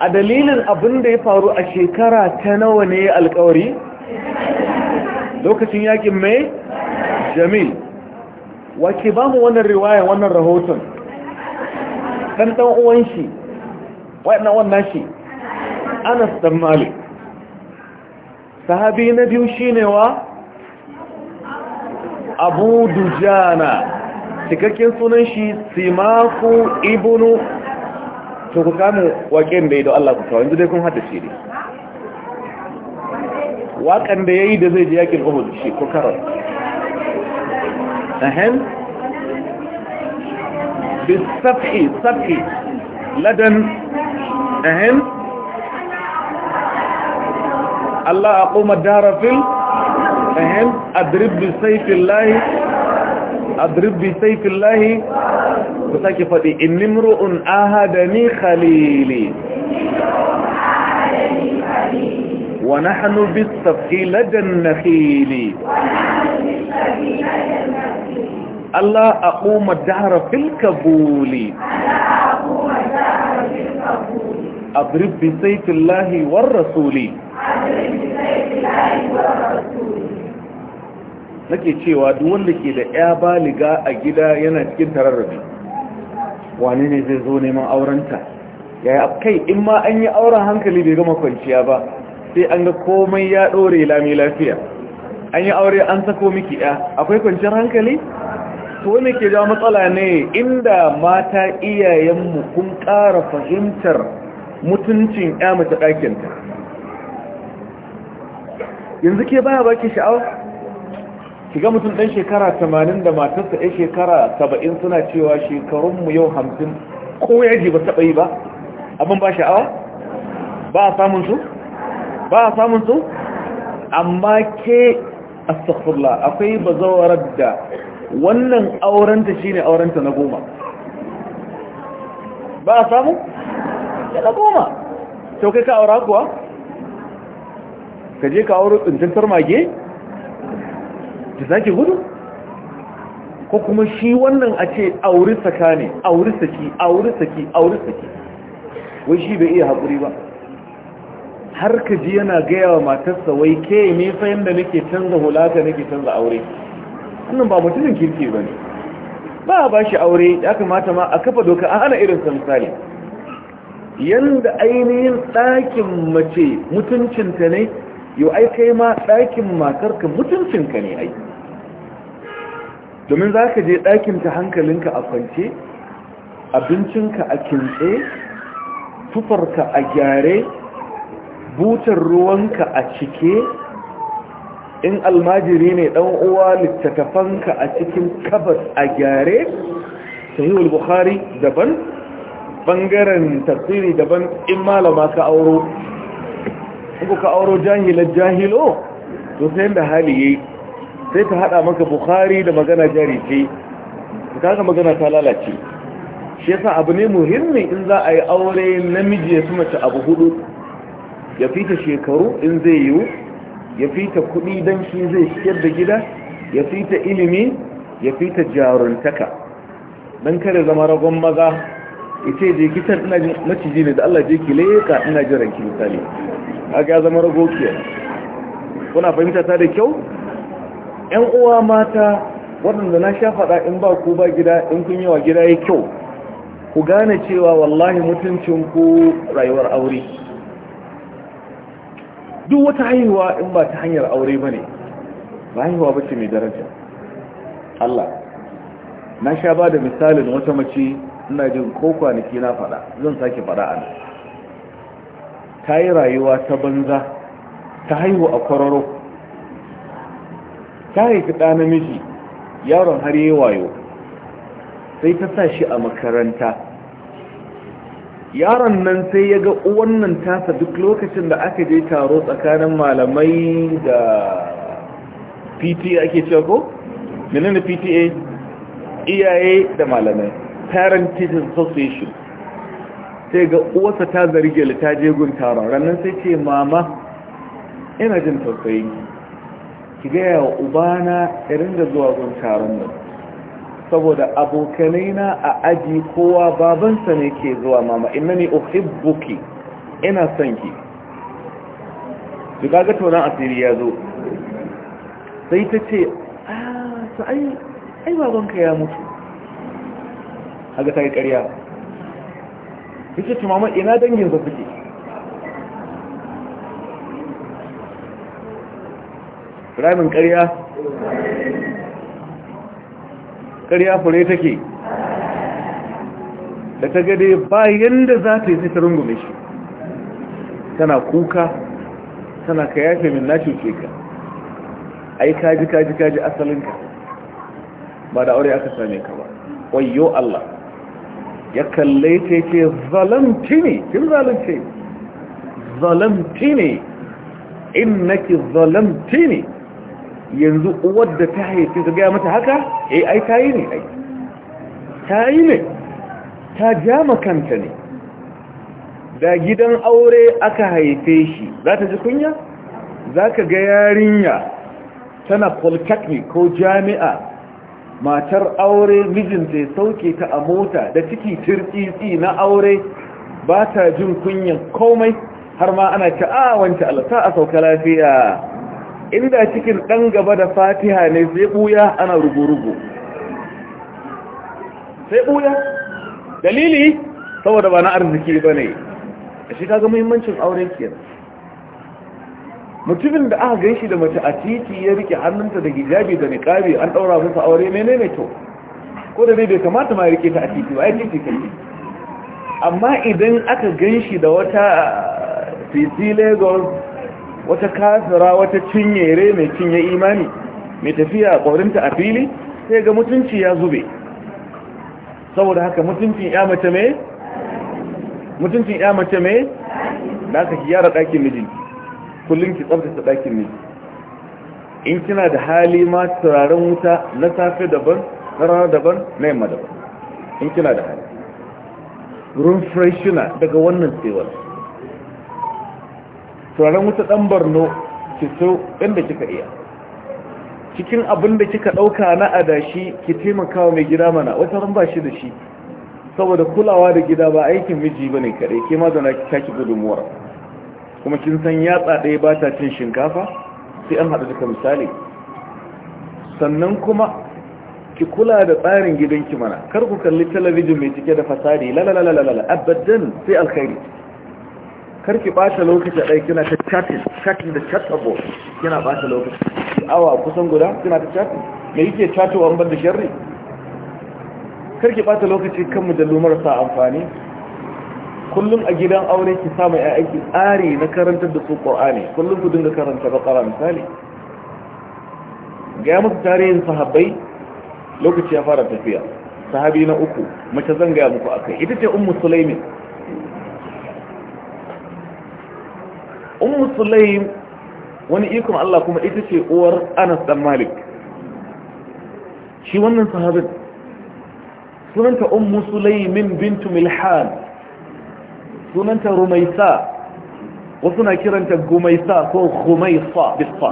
a dalilin abin da ya faru a shekara ta nawa ne alkawari lokacin yakin mai jamil wace ba mu wannan riwaya wannan rahoton ɗan ɗan uwan shi waɗannan wannan shi anas ɗan malik sahabi na biyu shi ne wa abu dujana cikakken sunan shi simaku ibnu to ku kame waƙen da ya Allah ku kawai yanzu dai kun hada shi ne waƙan da ya yi da zai ji yakin uhud shi ko karar ahem bisafi safi ladan ahem Allah a kuma darafil ahem adrib bisaifin lahi adrib bisaifin lahi ku sake faɗi in nimru'un ahadani khalili ونحن nahnu لدى النخيل Allah أقوم الدهر في الكبول أضرب بسيط الله والرسول nake cewa duk wanda ke da ya baliga a gida yana cikin tararrabi wane ne zai zo neman aurenta yaya kai in ma an yi auren hankali bai gama kwanciya ba sai an ga komai ya ɗore lami lafiya an yi aure an sako miki ya akwai kwanciyar hankali to ne ke jawo matsala ne inda mata iyayenmu kun ƙara fahimtar mutuncin ya mace ɗakinta yanzu ke baya baki sha'awa shiga mutum ɗan shekara tamanin da matarsa ya shekara saba'in suna cewa shekarunmu yau hamsin ko yaji ba taɓa yi ba abin ba sha'awa ba a samun su ba a samun su amma ke astaghfirullah akwai bazawarar da wannan aurenta shine aurenta na goma ba a samu na goma to kai ka aura kuwa ka je ka aure tsintantar mage ta sake gudu ko kuma shi wannan a ce auri saka ne auri saki auri saki auri saki wai shi bai iya haƙuri ba har ka ji yana gaya wa matarsa wai ke ne fa yanda nake canza ka nake canza aure wannan ba mutumin kirki ba ne ba ba shi aure ya kamata ma a kafa doka a hana irin sa misali yanda ainihin ɗakin mace mutuncinta ne yau ai kai ma ɗakin matarka mutuncinka ne ai domin za ka je ɗakinta hankalinka a kwance abincinka a kintse tufarka a gyare butar ruwanka a cike in almajiri ne dan uwa littattafanka a cikin kabas a gyare sahihul bukhari daban bangaren tafsiri daban in malama ka auro ko ka auro jahilar jahilo to sai da hali yayi sai ta hada maka bukhari da magana jari ce kaga magana ta lalace shi yasa abu ne muhimmi in za a yi aure namiji ya su mace abu hudu ya fita shekaru in zai yiwu ya fita kuɗi don shi zai shigar da gida ya fita ilimi ya fita jaruntaka don kare zama ragon maza ya ce da gitan ina maciji ne da Allah je ki leka ina jiran ranki misali aga zama rago kiyar kuna fahimta ta da kyau yan uwa mata waɗanda na sha faɗa in ba ku ba gida in kun yawa gida ya kyau ku gane cewa wallahi mutuncin ku rayuwar aure duk wata haihuwa in ba ta hanyar aure ba ne ba haihuwa ba ce mai daraja Allah na sha ba da misalin wata mace ina jin ko kwanaki na fada zan sake fada a ta yi rayuwa ta banza ta haihu a kwararo ta haifi ɗa namiji yaron har yi wayo sai ta sa shi a makaranta yaron nan sai ya ga wannan tasa duk lokacin da aka je taro tsakanin malamai da pta ake cewa ko? menene pta iyaye da malamai parent teachers association sai ga uwarsa ta zarge ta je gun taron ranar sai ce mama ina jin tausayi ki gaya wa ubana irin da zuwa gun taron nan saboda na a aji kowa babanta ne ke zuwa mama innani uhibbuki ina son ki su kaga tonan asiri ya zo sai ta ce ah su ai ai babanka ya mutu haga ta yi karya. yake ce mama ina danginsa suke ramin karya. ƙarya fure take da ta gade bayan da za ta yi sai ta rungume shi tana kuka tana ka yafe min na cuce ka ai kaji kaji kaji asalinka ba da aure aka same ka ba wayo Allah ya kalle ta ce zalamti ne kin zalunce zalamti ne in innaki zalamti ne yanzu uwar da ta haifi ka gaya mata haka eh ai ta yi ne ta yi ne ta ja makanta ne da gidan aure aka haife shi za ta ji kunya za ka ga yarinya tana polytechnic ko jami'a matar aure mijinta ya sauke ta a mota da ciki turkisi na aure ba ta jin kunya komai har ma ana ta a ah, wancan alata a sauka lafiya inda cikin ɗan gaba da fatiha ne sai ɓuya ana rugu-rugu sai ɓuya dalili saboda ba na arziki ba ne a shi kaga muhimmancin auren kiyar mutumin da aka ganshi da mace a titi ya rike hannunta da hijabi da niƙabi an ɗaura musu aure ne ne kyau ko da dai bai kamata ma ya rike ta a titi ba ya titi kai amma idan aka ganshi da wata titi lagos wata kafira wata cinyere mai cinye imani mai tafiya a ƙorinta a fili sai ga mutunci ya zube saboda haka mutuncin ya mace mai mutuncin ya mace mai da aka gyara ɗakin mijinki kullum ki tsabtace ɗakin miji in kina da hali ma turaren wuta na safe daban na rana daban na yamma daban in kina da hali rumfreshina daga wannan tsewar turaren wuta ɗan barno ki so inda kika iya cikin abin da kika ɗauka na adashi ki taimaka wa mai gida mana wata ran ba shi da shi saboda kulawa da gida ba aikin miji ba ne kare ke zana ki kaki gudunmuwar kuma kin san yatsa ɗaya ba ta cin shinkafa sai an haɗu duka misali sannan kuma ki kula da tsarin gidanki mana kar ku kalli talabijin mai cike da fasadi lalalalalala abadan sai alkhairi karki bata lokaci ɗai kina ta chatting chatting da chatable kina bata lokaci awa kusan guda kina ta chatting me yake chatowa an banda sharri karki bata lokaci kan mujallu marasa amfani kullum a gidan aure ki samu aiki tsari na karantar da su qur'ani kullum ku dinga karanta baqara misali ga muku tarihin sahabbai lokaci ya fara tafiya sahabi na uku mace zan ga muku akai ita ce ummu sulaimin ummu sulaim wani ikon Allah kuma ita ce uwar Anas dan Malik shi wannan sahabin sunanta ummu sulaimin bintu milhan sunanta rumaisa wasu na kiranta gumaisa ko gumaisa bisfa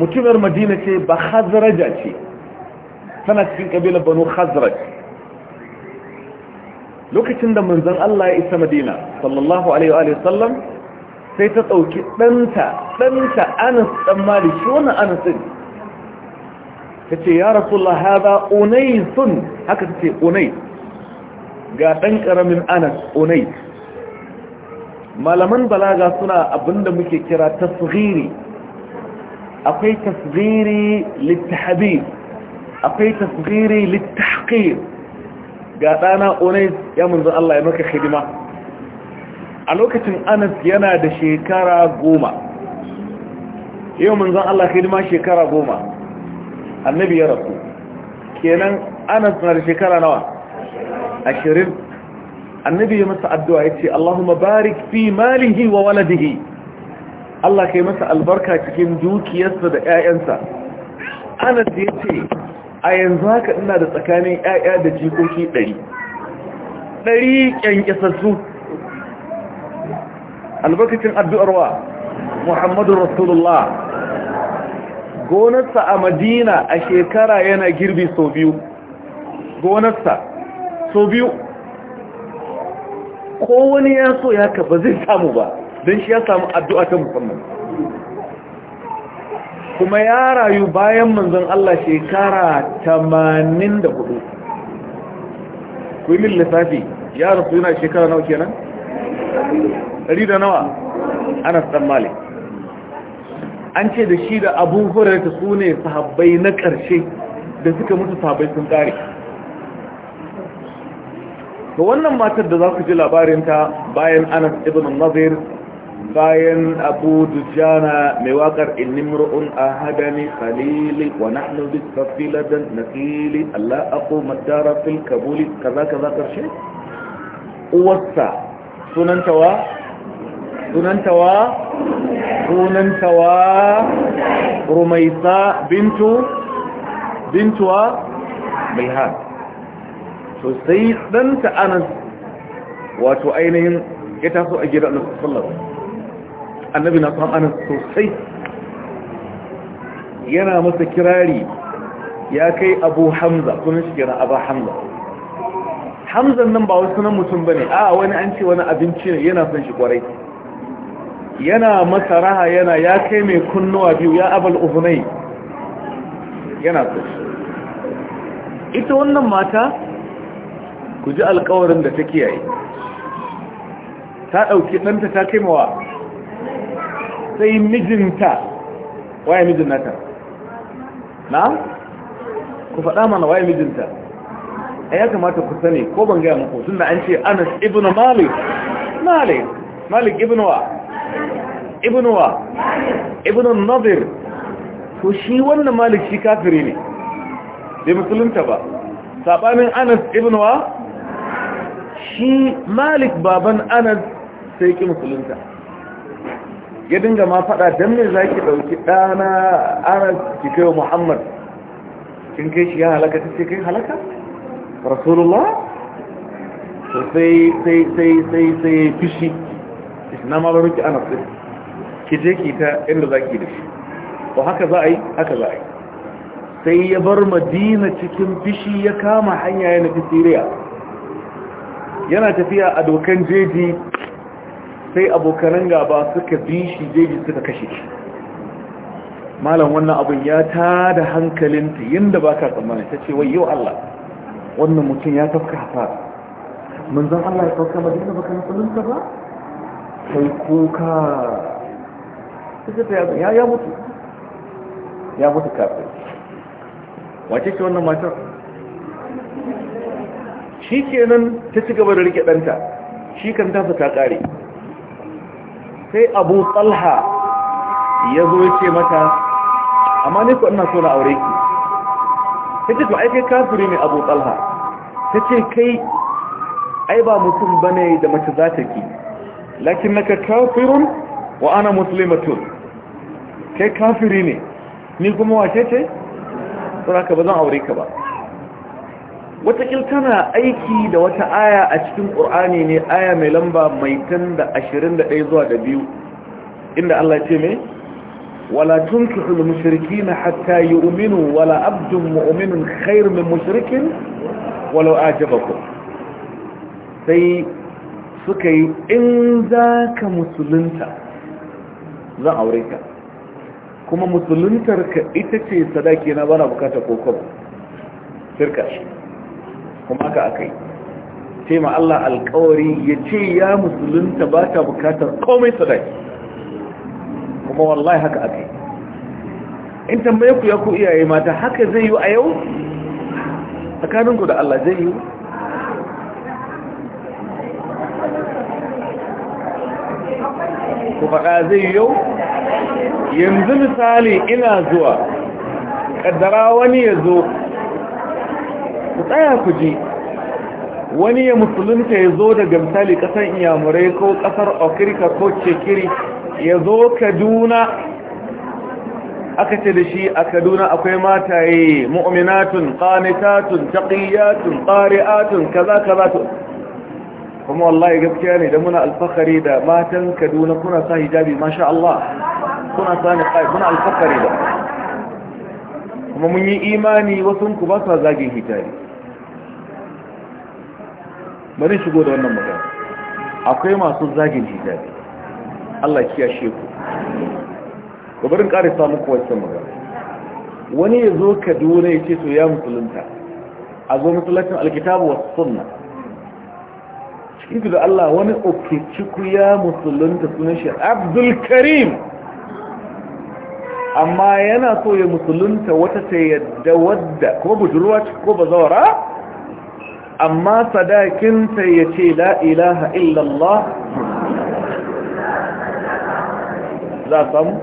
mutumar madina ce ba khazraja ce tana cikin kabilar banu khazraj lokacin da manzon Allah ya isa Madina sallallahu alaihi wa sallam sai ta tsauki ɗanta, ɗanta Anas ɗan mali, shi wannan Anas din tace ya rasulullah unai sun, haka ce unai, ga ɗan ƙaramin Anas unai. malaman balaga suna abinda muke kira tasghiri akwai tasghiri littahbib akwai tasghiri littahqir ga ɗana onai ya munzu Allah ya maka hidima a lokacin anas yana da shekara goma yau munzu Allah hidima shekara goma annabi ya rafu kenan anas na da shekara nawa ashirin annabi ya masa addu'a ya ce Allahumma barik fi malihi wa waladihi Allah kai masa albarka cikin dukiyarsa da ‘ya'yansa anas ya ce a yanzu haka ina da tsakanin ƴaƴa da jikoki ɗari ɗari ƙyanƙyasassu albarkacin addu'arwa Muhammadu rasulullah gonarsa a madina a shekara yana girbi sau biyu gonarsa sau biyu ko ya so ya kafa zai samu ba don shi ya samu addu'a ta musamman kuma ya rayu bayan manzon Allah shekara 84 kullin lissafi ya rasu yana shekara nawa kenan ɗari da nawa Anas dan an ce da shi da Abu Hurairah su ne sahabbai na ƙarshe da suka mutu sahabbai sun kare to wannan matar da za ku ji labarinta bayan Anas ibn Nadir bayan abu dujjana mai wakar inimru'un a hadani khalili wa nahnu bi tafiladan nakili Allah aku madara fil kabuli kaza kaza karshe uwarsa sunantawa sunantawa sunantawa rumaisa bintu bintuwa bilhan to sai ɗanta anas wato ainihin ya taso a gidan nasu annabi na son sosai yana masa kirari ya kai abu hamza kuma shi gina abu hamza hamzan nan ba wasu nan mutum ba ne a wani an ce wani abinci ne yana son shi kwarai yana masa raha yana ya kai mai kunnuwa biyu ya abal uhunai yana so. shi ita wannan mata ku ji alkawarin da ta kiyaye ta ɗauki ɗanta ta kai mawa sai mijinta waye mijin nata na? ku faɗa mana waye mijinta a eh, ya kamata ku sani ko ban gaya muku tun da an ce anas ibn malik malik malik ibn wa ibn wa ibn nadir to shi wannan malik shi kafiri ne bai musulunta ba saɓanin anas ibn wa shi malik baban anas sai ki musulunta ya dinga ma faɗa don me za ki ɗauki ɗana ana ki kai muhammad kin kai shi ya halaka ta ce kai halaka rasulullah to sai sai sai sai sai fishi na ma baro ki anas ki je ki ta inda za ki da shi to haka za a yi haka za a yi sai ya bar madina cikin fishi ya kama hanya ya nufi siriya yana tafiya a dokan jeji sai abokanan gaba suka bi shi jeji suka kashe shi malam wannan abin ya tada hankalinta yadda ba ka tsammani ta ce wai yau Allah wannan mutum ya tafka mun zan Allah ya tafka madina baka musulunta ba sai kuka ya ya mutu ya mutu kafin wace ce wannan matar shi kenan ta ci gaba da rike ɗanta shi kan tasa ta ƙare sai abu talha ya zo ya ce mata amma ne ku ina so na aure ki ta ce to ai kai kafiri ne abu talha ta ce kai ai ba mutum ba ne da mace za ta ki lakin naka kafirun wa ana musulmatun kai kafiri ne ni kuma wace ce? saboda ka ba zan aure ka ba watakil tana aiki da wata aya a cikin ƙur'ani ne aya mai lamba mai tan da ashirin da ɗaya zuwa da biyu inda Allah ce mai wala tunkihul na? hatta yu'minu wala abdun mu'minun khairu min mushrikin walau ajabakum sai suka yi in za ka musulunta zan aure ka kuma musuluntarka ita ce sadaki na bana bukata ko kuma shirka shi kuma haka akai sai ma Allah alƙawari ya ce ya musulunta ba ta bukatar komai sadaki kuma wallahi haka akai in tambaye ku ya ku iyaye mata haka zai yi a yau tsakaninku da Allah zai yi ku faɗa zai yi yau yanzu misali ina zuwa ƙaddara wani ya zo tsaya ku je wani ya musulunta ya zo daga misali ƙasar iyamurai ko ƙasar okirka ko cekiri ya zo kaduna aka ce da shi a kaduna akwai mataye mu'minatun qanitatun taqiyatun ƙari'atun, kaza kaza to kuma wallahi gaskiya ne da muna alfakari da matan kaduna kuna sa hijabi masha Allah kuna sa ni kai muna alfakari da kuma mun yi imani wasu ku ba sa zagin hijabi bari shigo da wannan magana akwai masu zagin hijabi Allah kiya sheku ku bari ƙara sa muku wancan magana wani ya zo kaduna ya ce to ya musulunta a zo musuluncin alkitabu wasu sunna cikin da Allah wani ciku ya musulunta sunan shi abdul karim amma yana so ya musulunta wata ta yadda wadda ko budurwa ko bazawara amma sadakinta ya ce la ilaha illallah za a samu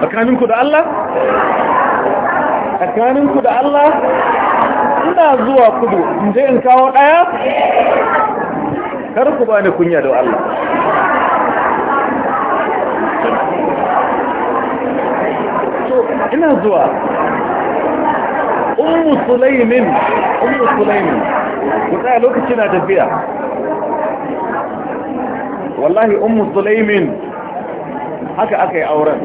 tsakaninku da Allah? tsakaninku da Allah? ina zuwa kudu in je in kawo ɗaya? kar ku bani kunya da Allah ina zuwa ummu sulaimin ummu sulaimin ku lokaci na tafiya wallahi ummu sulaimin haka aka yi auren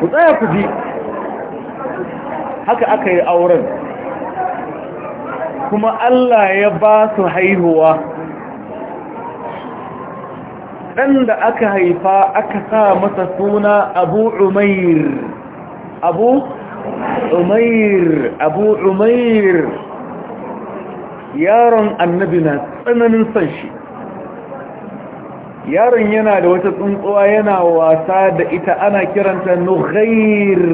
ku tsaya ku ji haka aka yi auren kuma Allah ya ba su haihuwa ɗan da aka haifa aka sa masa suna abu umair abu umair abu umair yaron annabi na tsananin son shi yaron yana da wata tsuntsuwa yana wasa da ita ana kiranta nughair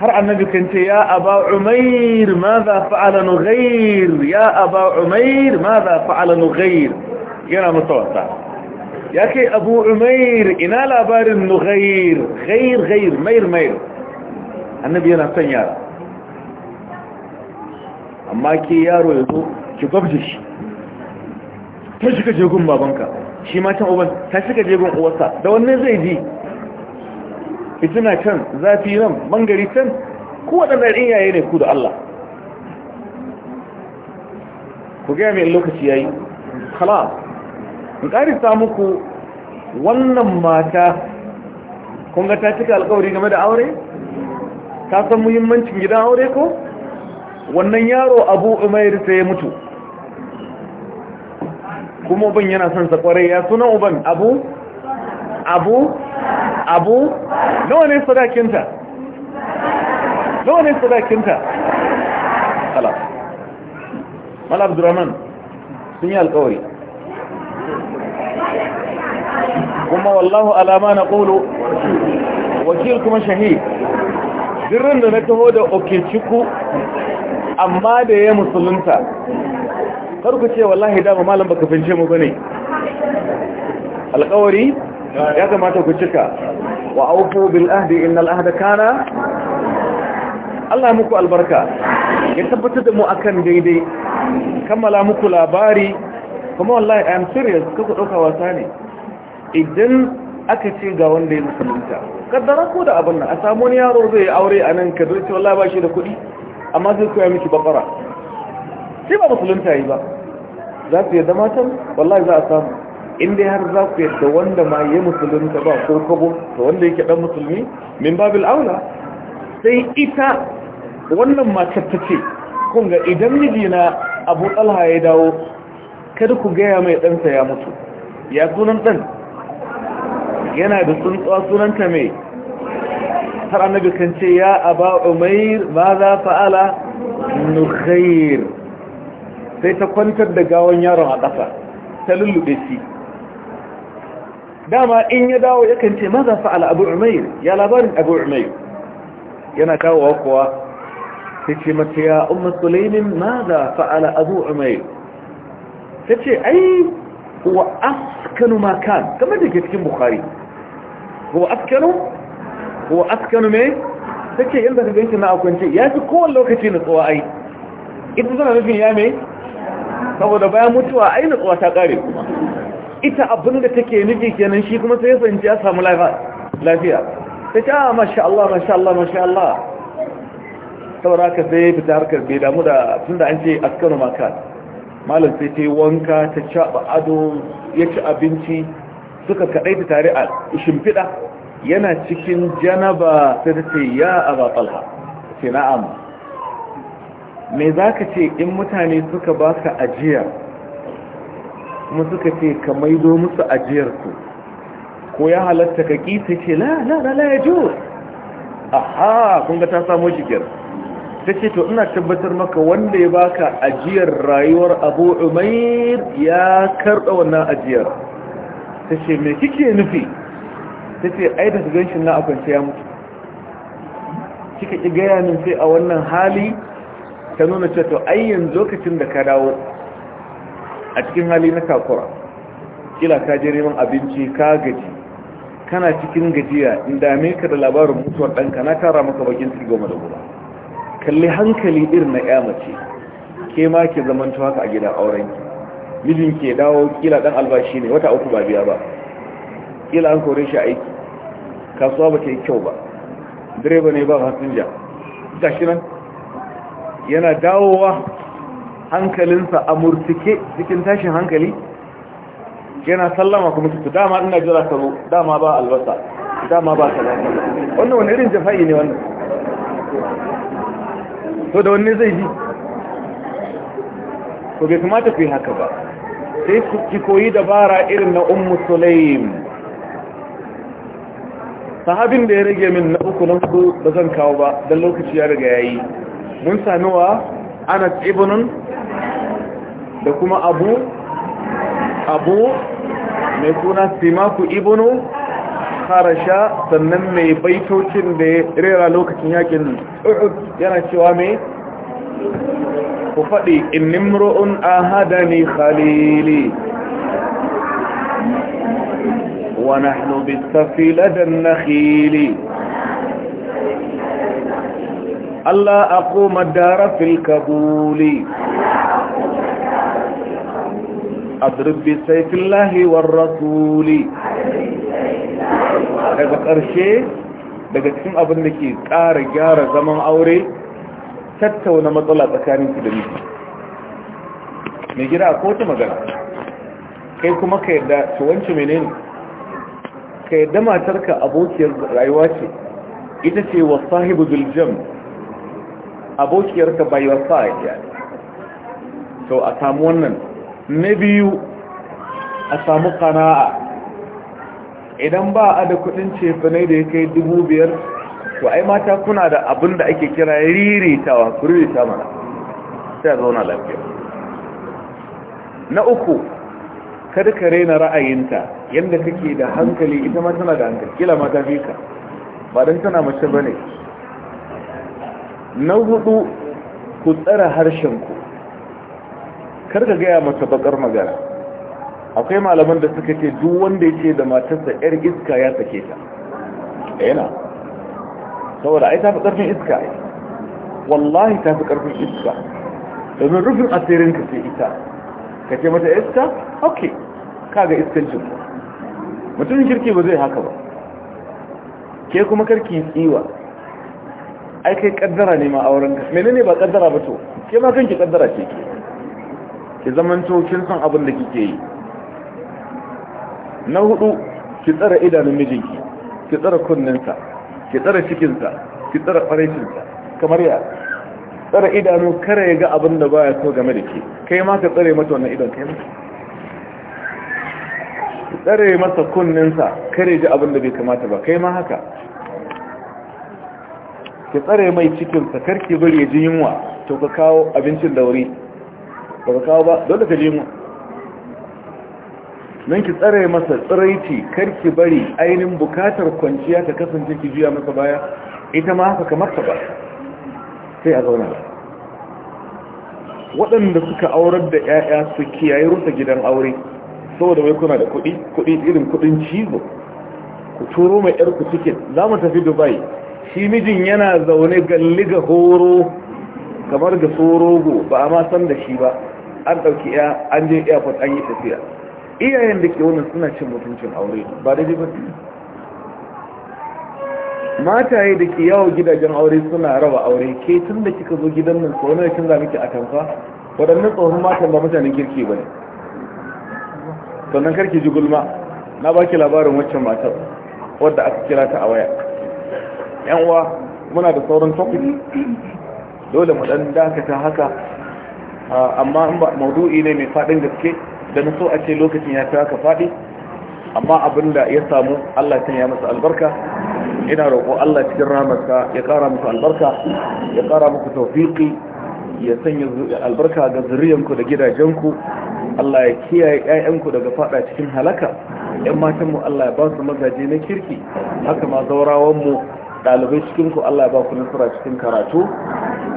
har annabi kan ce ya aba umair maza fa'ala nughair ya aba umair maza fa'ala nughair yana masa wasa ya kai abu umair ina labarin nughair ghair ghair mair mair annabi yana son yara amma ke yaro ya zo ki gwabje shi ta shiga jegun babanka shi ma can uban ta shiga jegun uwarsa da wannan zai ji fitina can zafi nan bangare can ko waɗanda ɗin yaye ne ku da Allah ku gaya mai lokaci ya yi khalas in ƙarisa muku wannan mata kun ta cika alkawari game da aure ta san muhimmancin gidan aure ko wannan yaro abu umair sai ya mutu kuma uban yana son sa ya suna uban abu abu abu nawa ne sadakinta nawa ne sadakinta ala mala abdurrahman sun yi alkawari kuma wallahu alama na ƙolo wakil kuma shahid birnin da na taho da okeciku amma da ya musulunta karku ce wallahi dama malam baka fince mu bane alƙawari ya kamata ku cika wa a bil ahdi innal ahda kana Allah muku albarka ya tabbatar da mu akan daidai kammala muku labari kuma wallahi I am serious kuka dauka wasa ne idan aka ce ga wanda ya musulunta kaddara ko da abin nan a samu wani yaro zai aure a nan ka zai cewa ba da kuɗi amma zai koya miki bakara sai ba musulunta yi ba za ku yadda matan wallahi za a samu in har za ku yadda wanda ma ya musulunta ba ko kabo to wanda yake dan musulmi min babil aula sai ita wannan matar ta ce kun ga idan mijina abu talha ya dawo kada ku gaya mai ɗansa ya mutu ya sunan ɗan yana da tsuntsuwa sunanta mai har annabi kan ce ya aba umair ma za fa'ala nukhair sai ta kwantar da gawon yaron a ƙasa ta lullube shi dama in ya dawo ya kan ce ma za fa'ala abu umair ya labarin abu umair yana kawowa kuwa sai ce mata ya umar sulaimin ma za fa'ala abu umair ta ce ai wa askanu makan kamar da ke cikin bukari huwa askanu huwa askanu me take yanda ka ganshi na akwance ya fi kowane lokaci na tsawa ai ita tana nufin ya me saboda bayan mutuwa ai na tsawa ta kare kuma ita abin da take nufi kenan shi kuma sai ya fahimci ya samu lafiya ta ce ah, a Allah masha Allah masha Allah saboda ka sai fita harkar bai damu da tun da an ce askanu maka malam sai ta yi wanka ta caɓa ado ya ci abinci suka kaɗaita tare a shimfiɗa yana cikin janaba sai ta ce ya aba talha ce na'am me za ka ce in mutane suka ba ka ajiya kuma suka ce ka maido musu ajiyarsu ko ya halatta ka ƙi ta ce la la la ya jo aha kun ga ta samu shigar ta ce to ina tabbatar maka wanda ya baka ajiyar rayuwar abu umair ya karɓa wannan ajiyar ta ce mai kike nufi ta ce ai da su gan shi na akwai ya mutu kika ki gaya min sai a wannan hali ta nuna cewa to ai yanzu lokacin da ka dawo a cikin hali na kakura kila ka je neman abinci ka gaji kana cikin gajiya inda me ka da labarin mutuwar ɗanka na tara maka bakin ciki goma da goma kalli hankali irin na ya mace ke ma ke zamanto haka a gida aurenki mijin ke dawo kila dan albashi ne wata uku ba biya ba kila an kore shi aiki kasuwa ba ta yi kyau ba direba ne ba hasinja ga shi nan yana dawowa hankalinsa a murtike cikin tashin hankali yana sallama kuma su dama ina jira karo dama ba albasa dama ba kaza wannan wani irin jafa'i ne wannan to da wani zai ji Ko bai kamata ku yi haka ba sai ku ki koyi dabara irin na ummu sulaim sahabin da ya rage min na uku na su ba zan kawo ba don lokaci ya riga yayi mun sami wa anas ibnun da kuma abu abu mai suna simaku ibnu harasha sannan mai baitocin da ya rera lokacin yakin uhud yana cewa mai ku faɗi in nimro'un ahadani khalili wa nahnu bisafi ladan nakhili Allah aquma dara fil kabuli أضرب بسيف الله والرسول daga ƙarshe daga cikin abin da ke ƙara gyara zaman aure tattauna matsala tsakanin ku da miji mai gida a kowace magana kai kuma ka yadda to wance menene ka yadda matarka abokiyar rayuwa ce ita ce wa sahibu zuljam abokiyarka bai wa a iya to a samu wannan na biyu a samu kana'a idan ba a da kudin cefanai da ya kai dubu biyar to ai mata kuna da abin da ake kira riritawa ririta mana sai zauna lafiya na uku kada ka rena ra'ayinta yadda kake da hankali ita ma tana da hankali kila ma ta fi ka ba don tana mace ba ne na hudu ku tsara harshenku kar ka gaya mata bakar magana akwai malaman da suka ce duk wanda ya ce da matarsa yar iska ya sake ta yana saboda ai tafi karfin iska ai wallahi tafi karfin iska domin rufin asirin ka ce ita ka ce mata iska ok kaga ku. mutumin kirki ba zai haka ba ke kuma karki tsiwa ai kai kaddara ne ma auren ka ne ba kaddara ba to ke ma kanki kaddara ce ke ki to kin san abin da kike yi na hudu ki tsara idanun mijinki ki tsara kunnensa. ki tsara cikinsa ki tsara farashinsa kamar ya tsara idanu kare ya ga abin da baya so game da ke kai ma ka tsare mata wannan idan kai ma ki tsare masa kunninsa kare ji abin da bai kamata ba kai ma haka ki tsare mai cikinsa karki bari ya ji yunwa to ka kawo abincin da wuri ba ka kawo ba dole ka ji yunwa Nan ki tsare masa tsiraici ki bari ainihin bukatar kwanciya ta kasance ki juya masa baya ita ma haka kamar ta ba sai a zauna waɗanda suka aurar da 'ya'ya su kiyaye rusa gidan aure saboda wai kuna da kuɗi kuɗi irin kuɗin cizo ku turo mai yar ku tiket za mu tafi dubai shi mijin yana zaune galli ga horo kamar da tsorogo ba a ma san da shi ba an ɗauki ya an je airport an yi tafiya iyayen da ke wannan suna cin mutuncin aure ba daidai ba mataye da ke yawo gidajen aure suna raba aure ke tun da kika zo gidan nan tsohon da kin zamuke a tamfa waɗannan tsohon matan ba mutanen kirki ba ne sannan karki ji gulma na ba ki labarin waccan matar wadda aka kira ta a waya yan uwa muna da sauran topic dole mu dan dakata haka ah, amma in ba maudu'i ne mai faɗin gaske da na so a ce lokacin ya fi haka faɗi amma abin da ya samu Allah ya ya masa albarka ina roƙo Allah cikin ramarsa ya ƙara muku albarka ya ƙara muku tawfiqi ya sanya albarka ga zuriyanku da gidajenku Allah ya kiyaye ƴaƴanku daga faɗa cikin halaka ƴan matanmu Allah ya ba su mazaje na kirki haka ma zaurawanmu ɗalibai cikin ku Allah ya ba ku nasara cikin karatu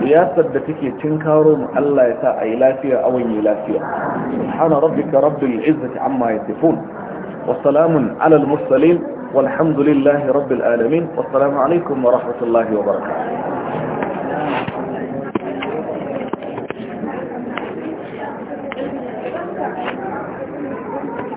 ya da take cin karo mu Allah ya sa a yi lafiya a wani lafiya subhana rabbika rabbil izzati amma yasifun wa salamun ala al mursalin walhamdulillahi rabbil alamin wassalamu alaikum wa rahmatullahi wa barakatuh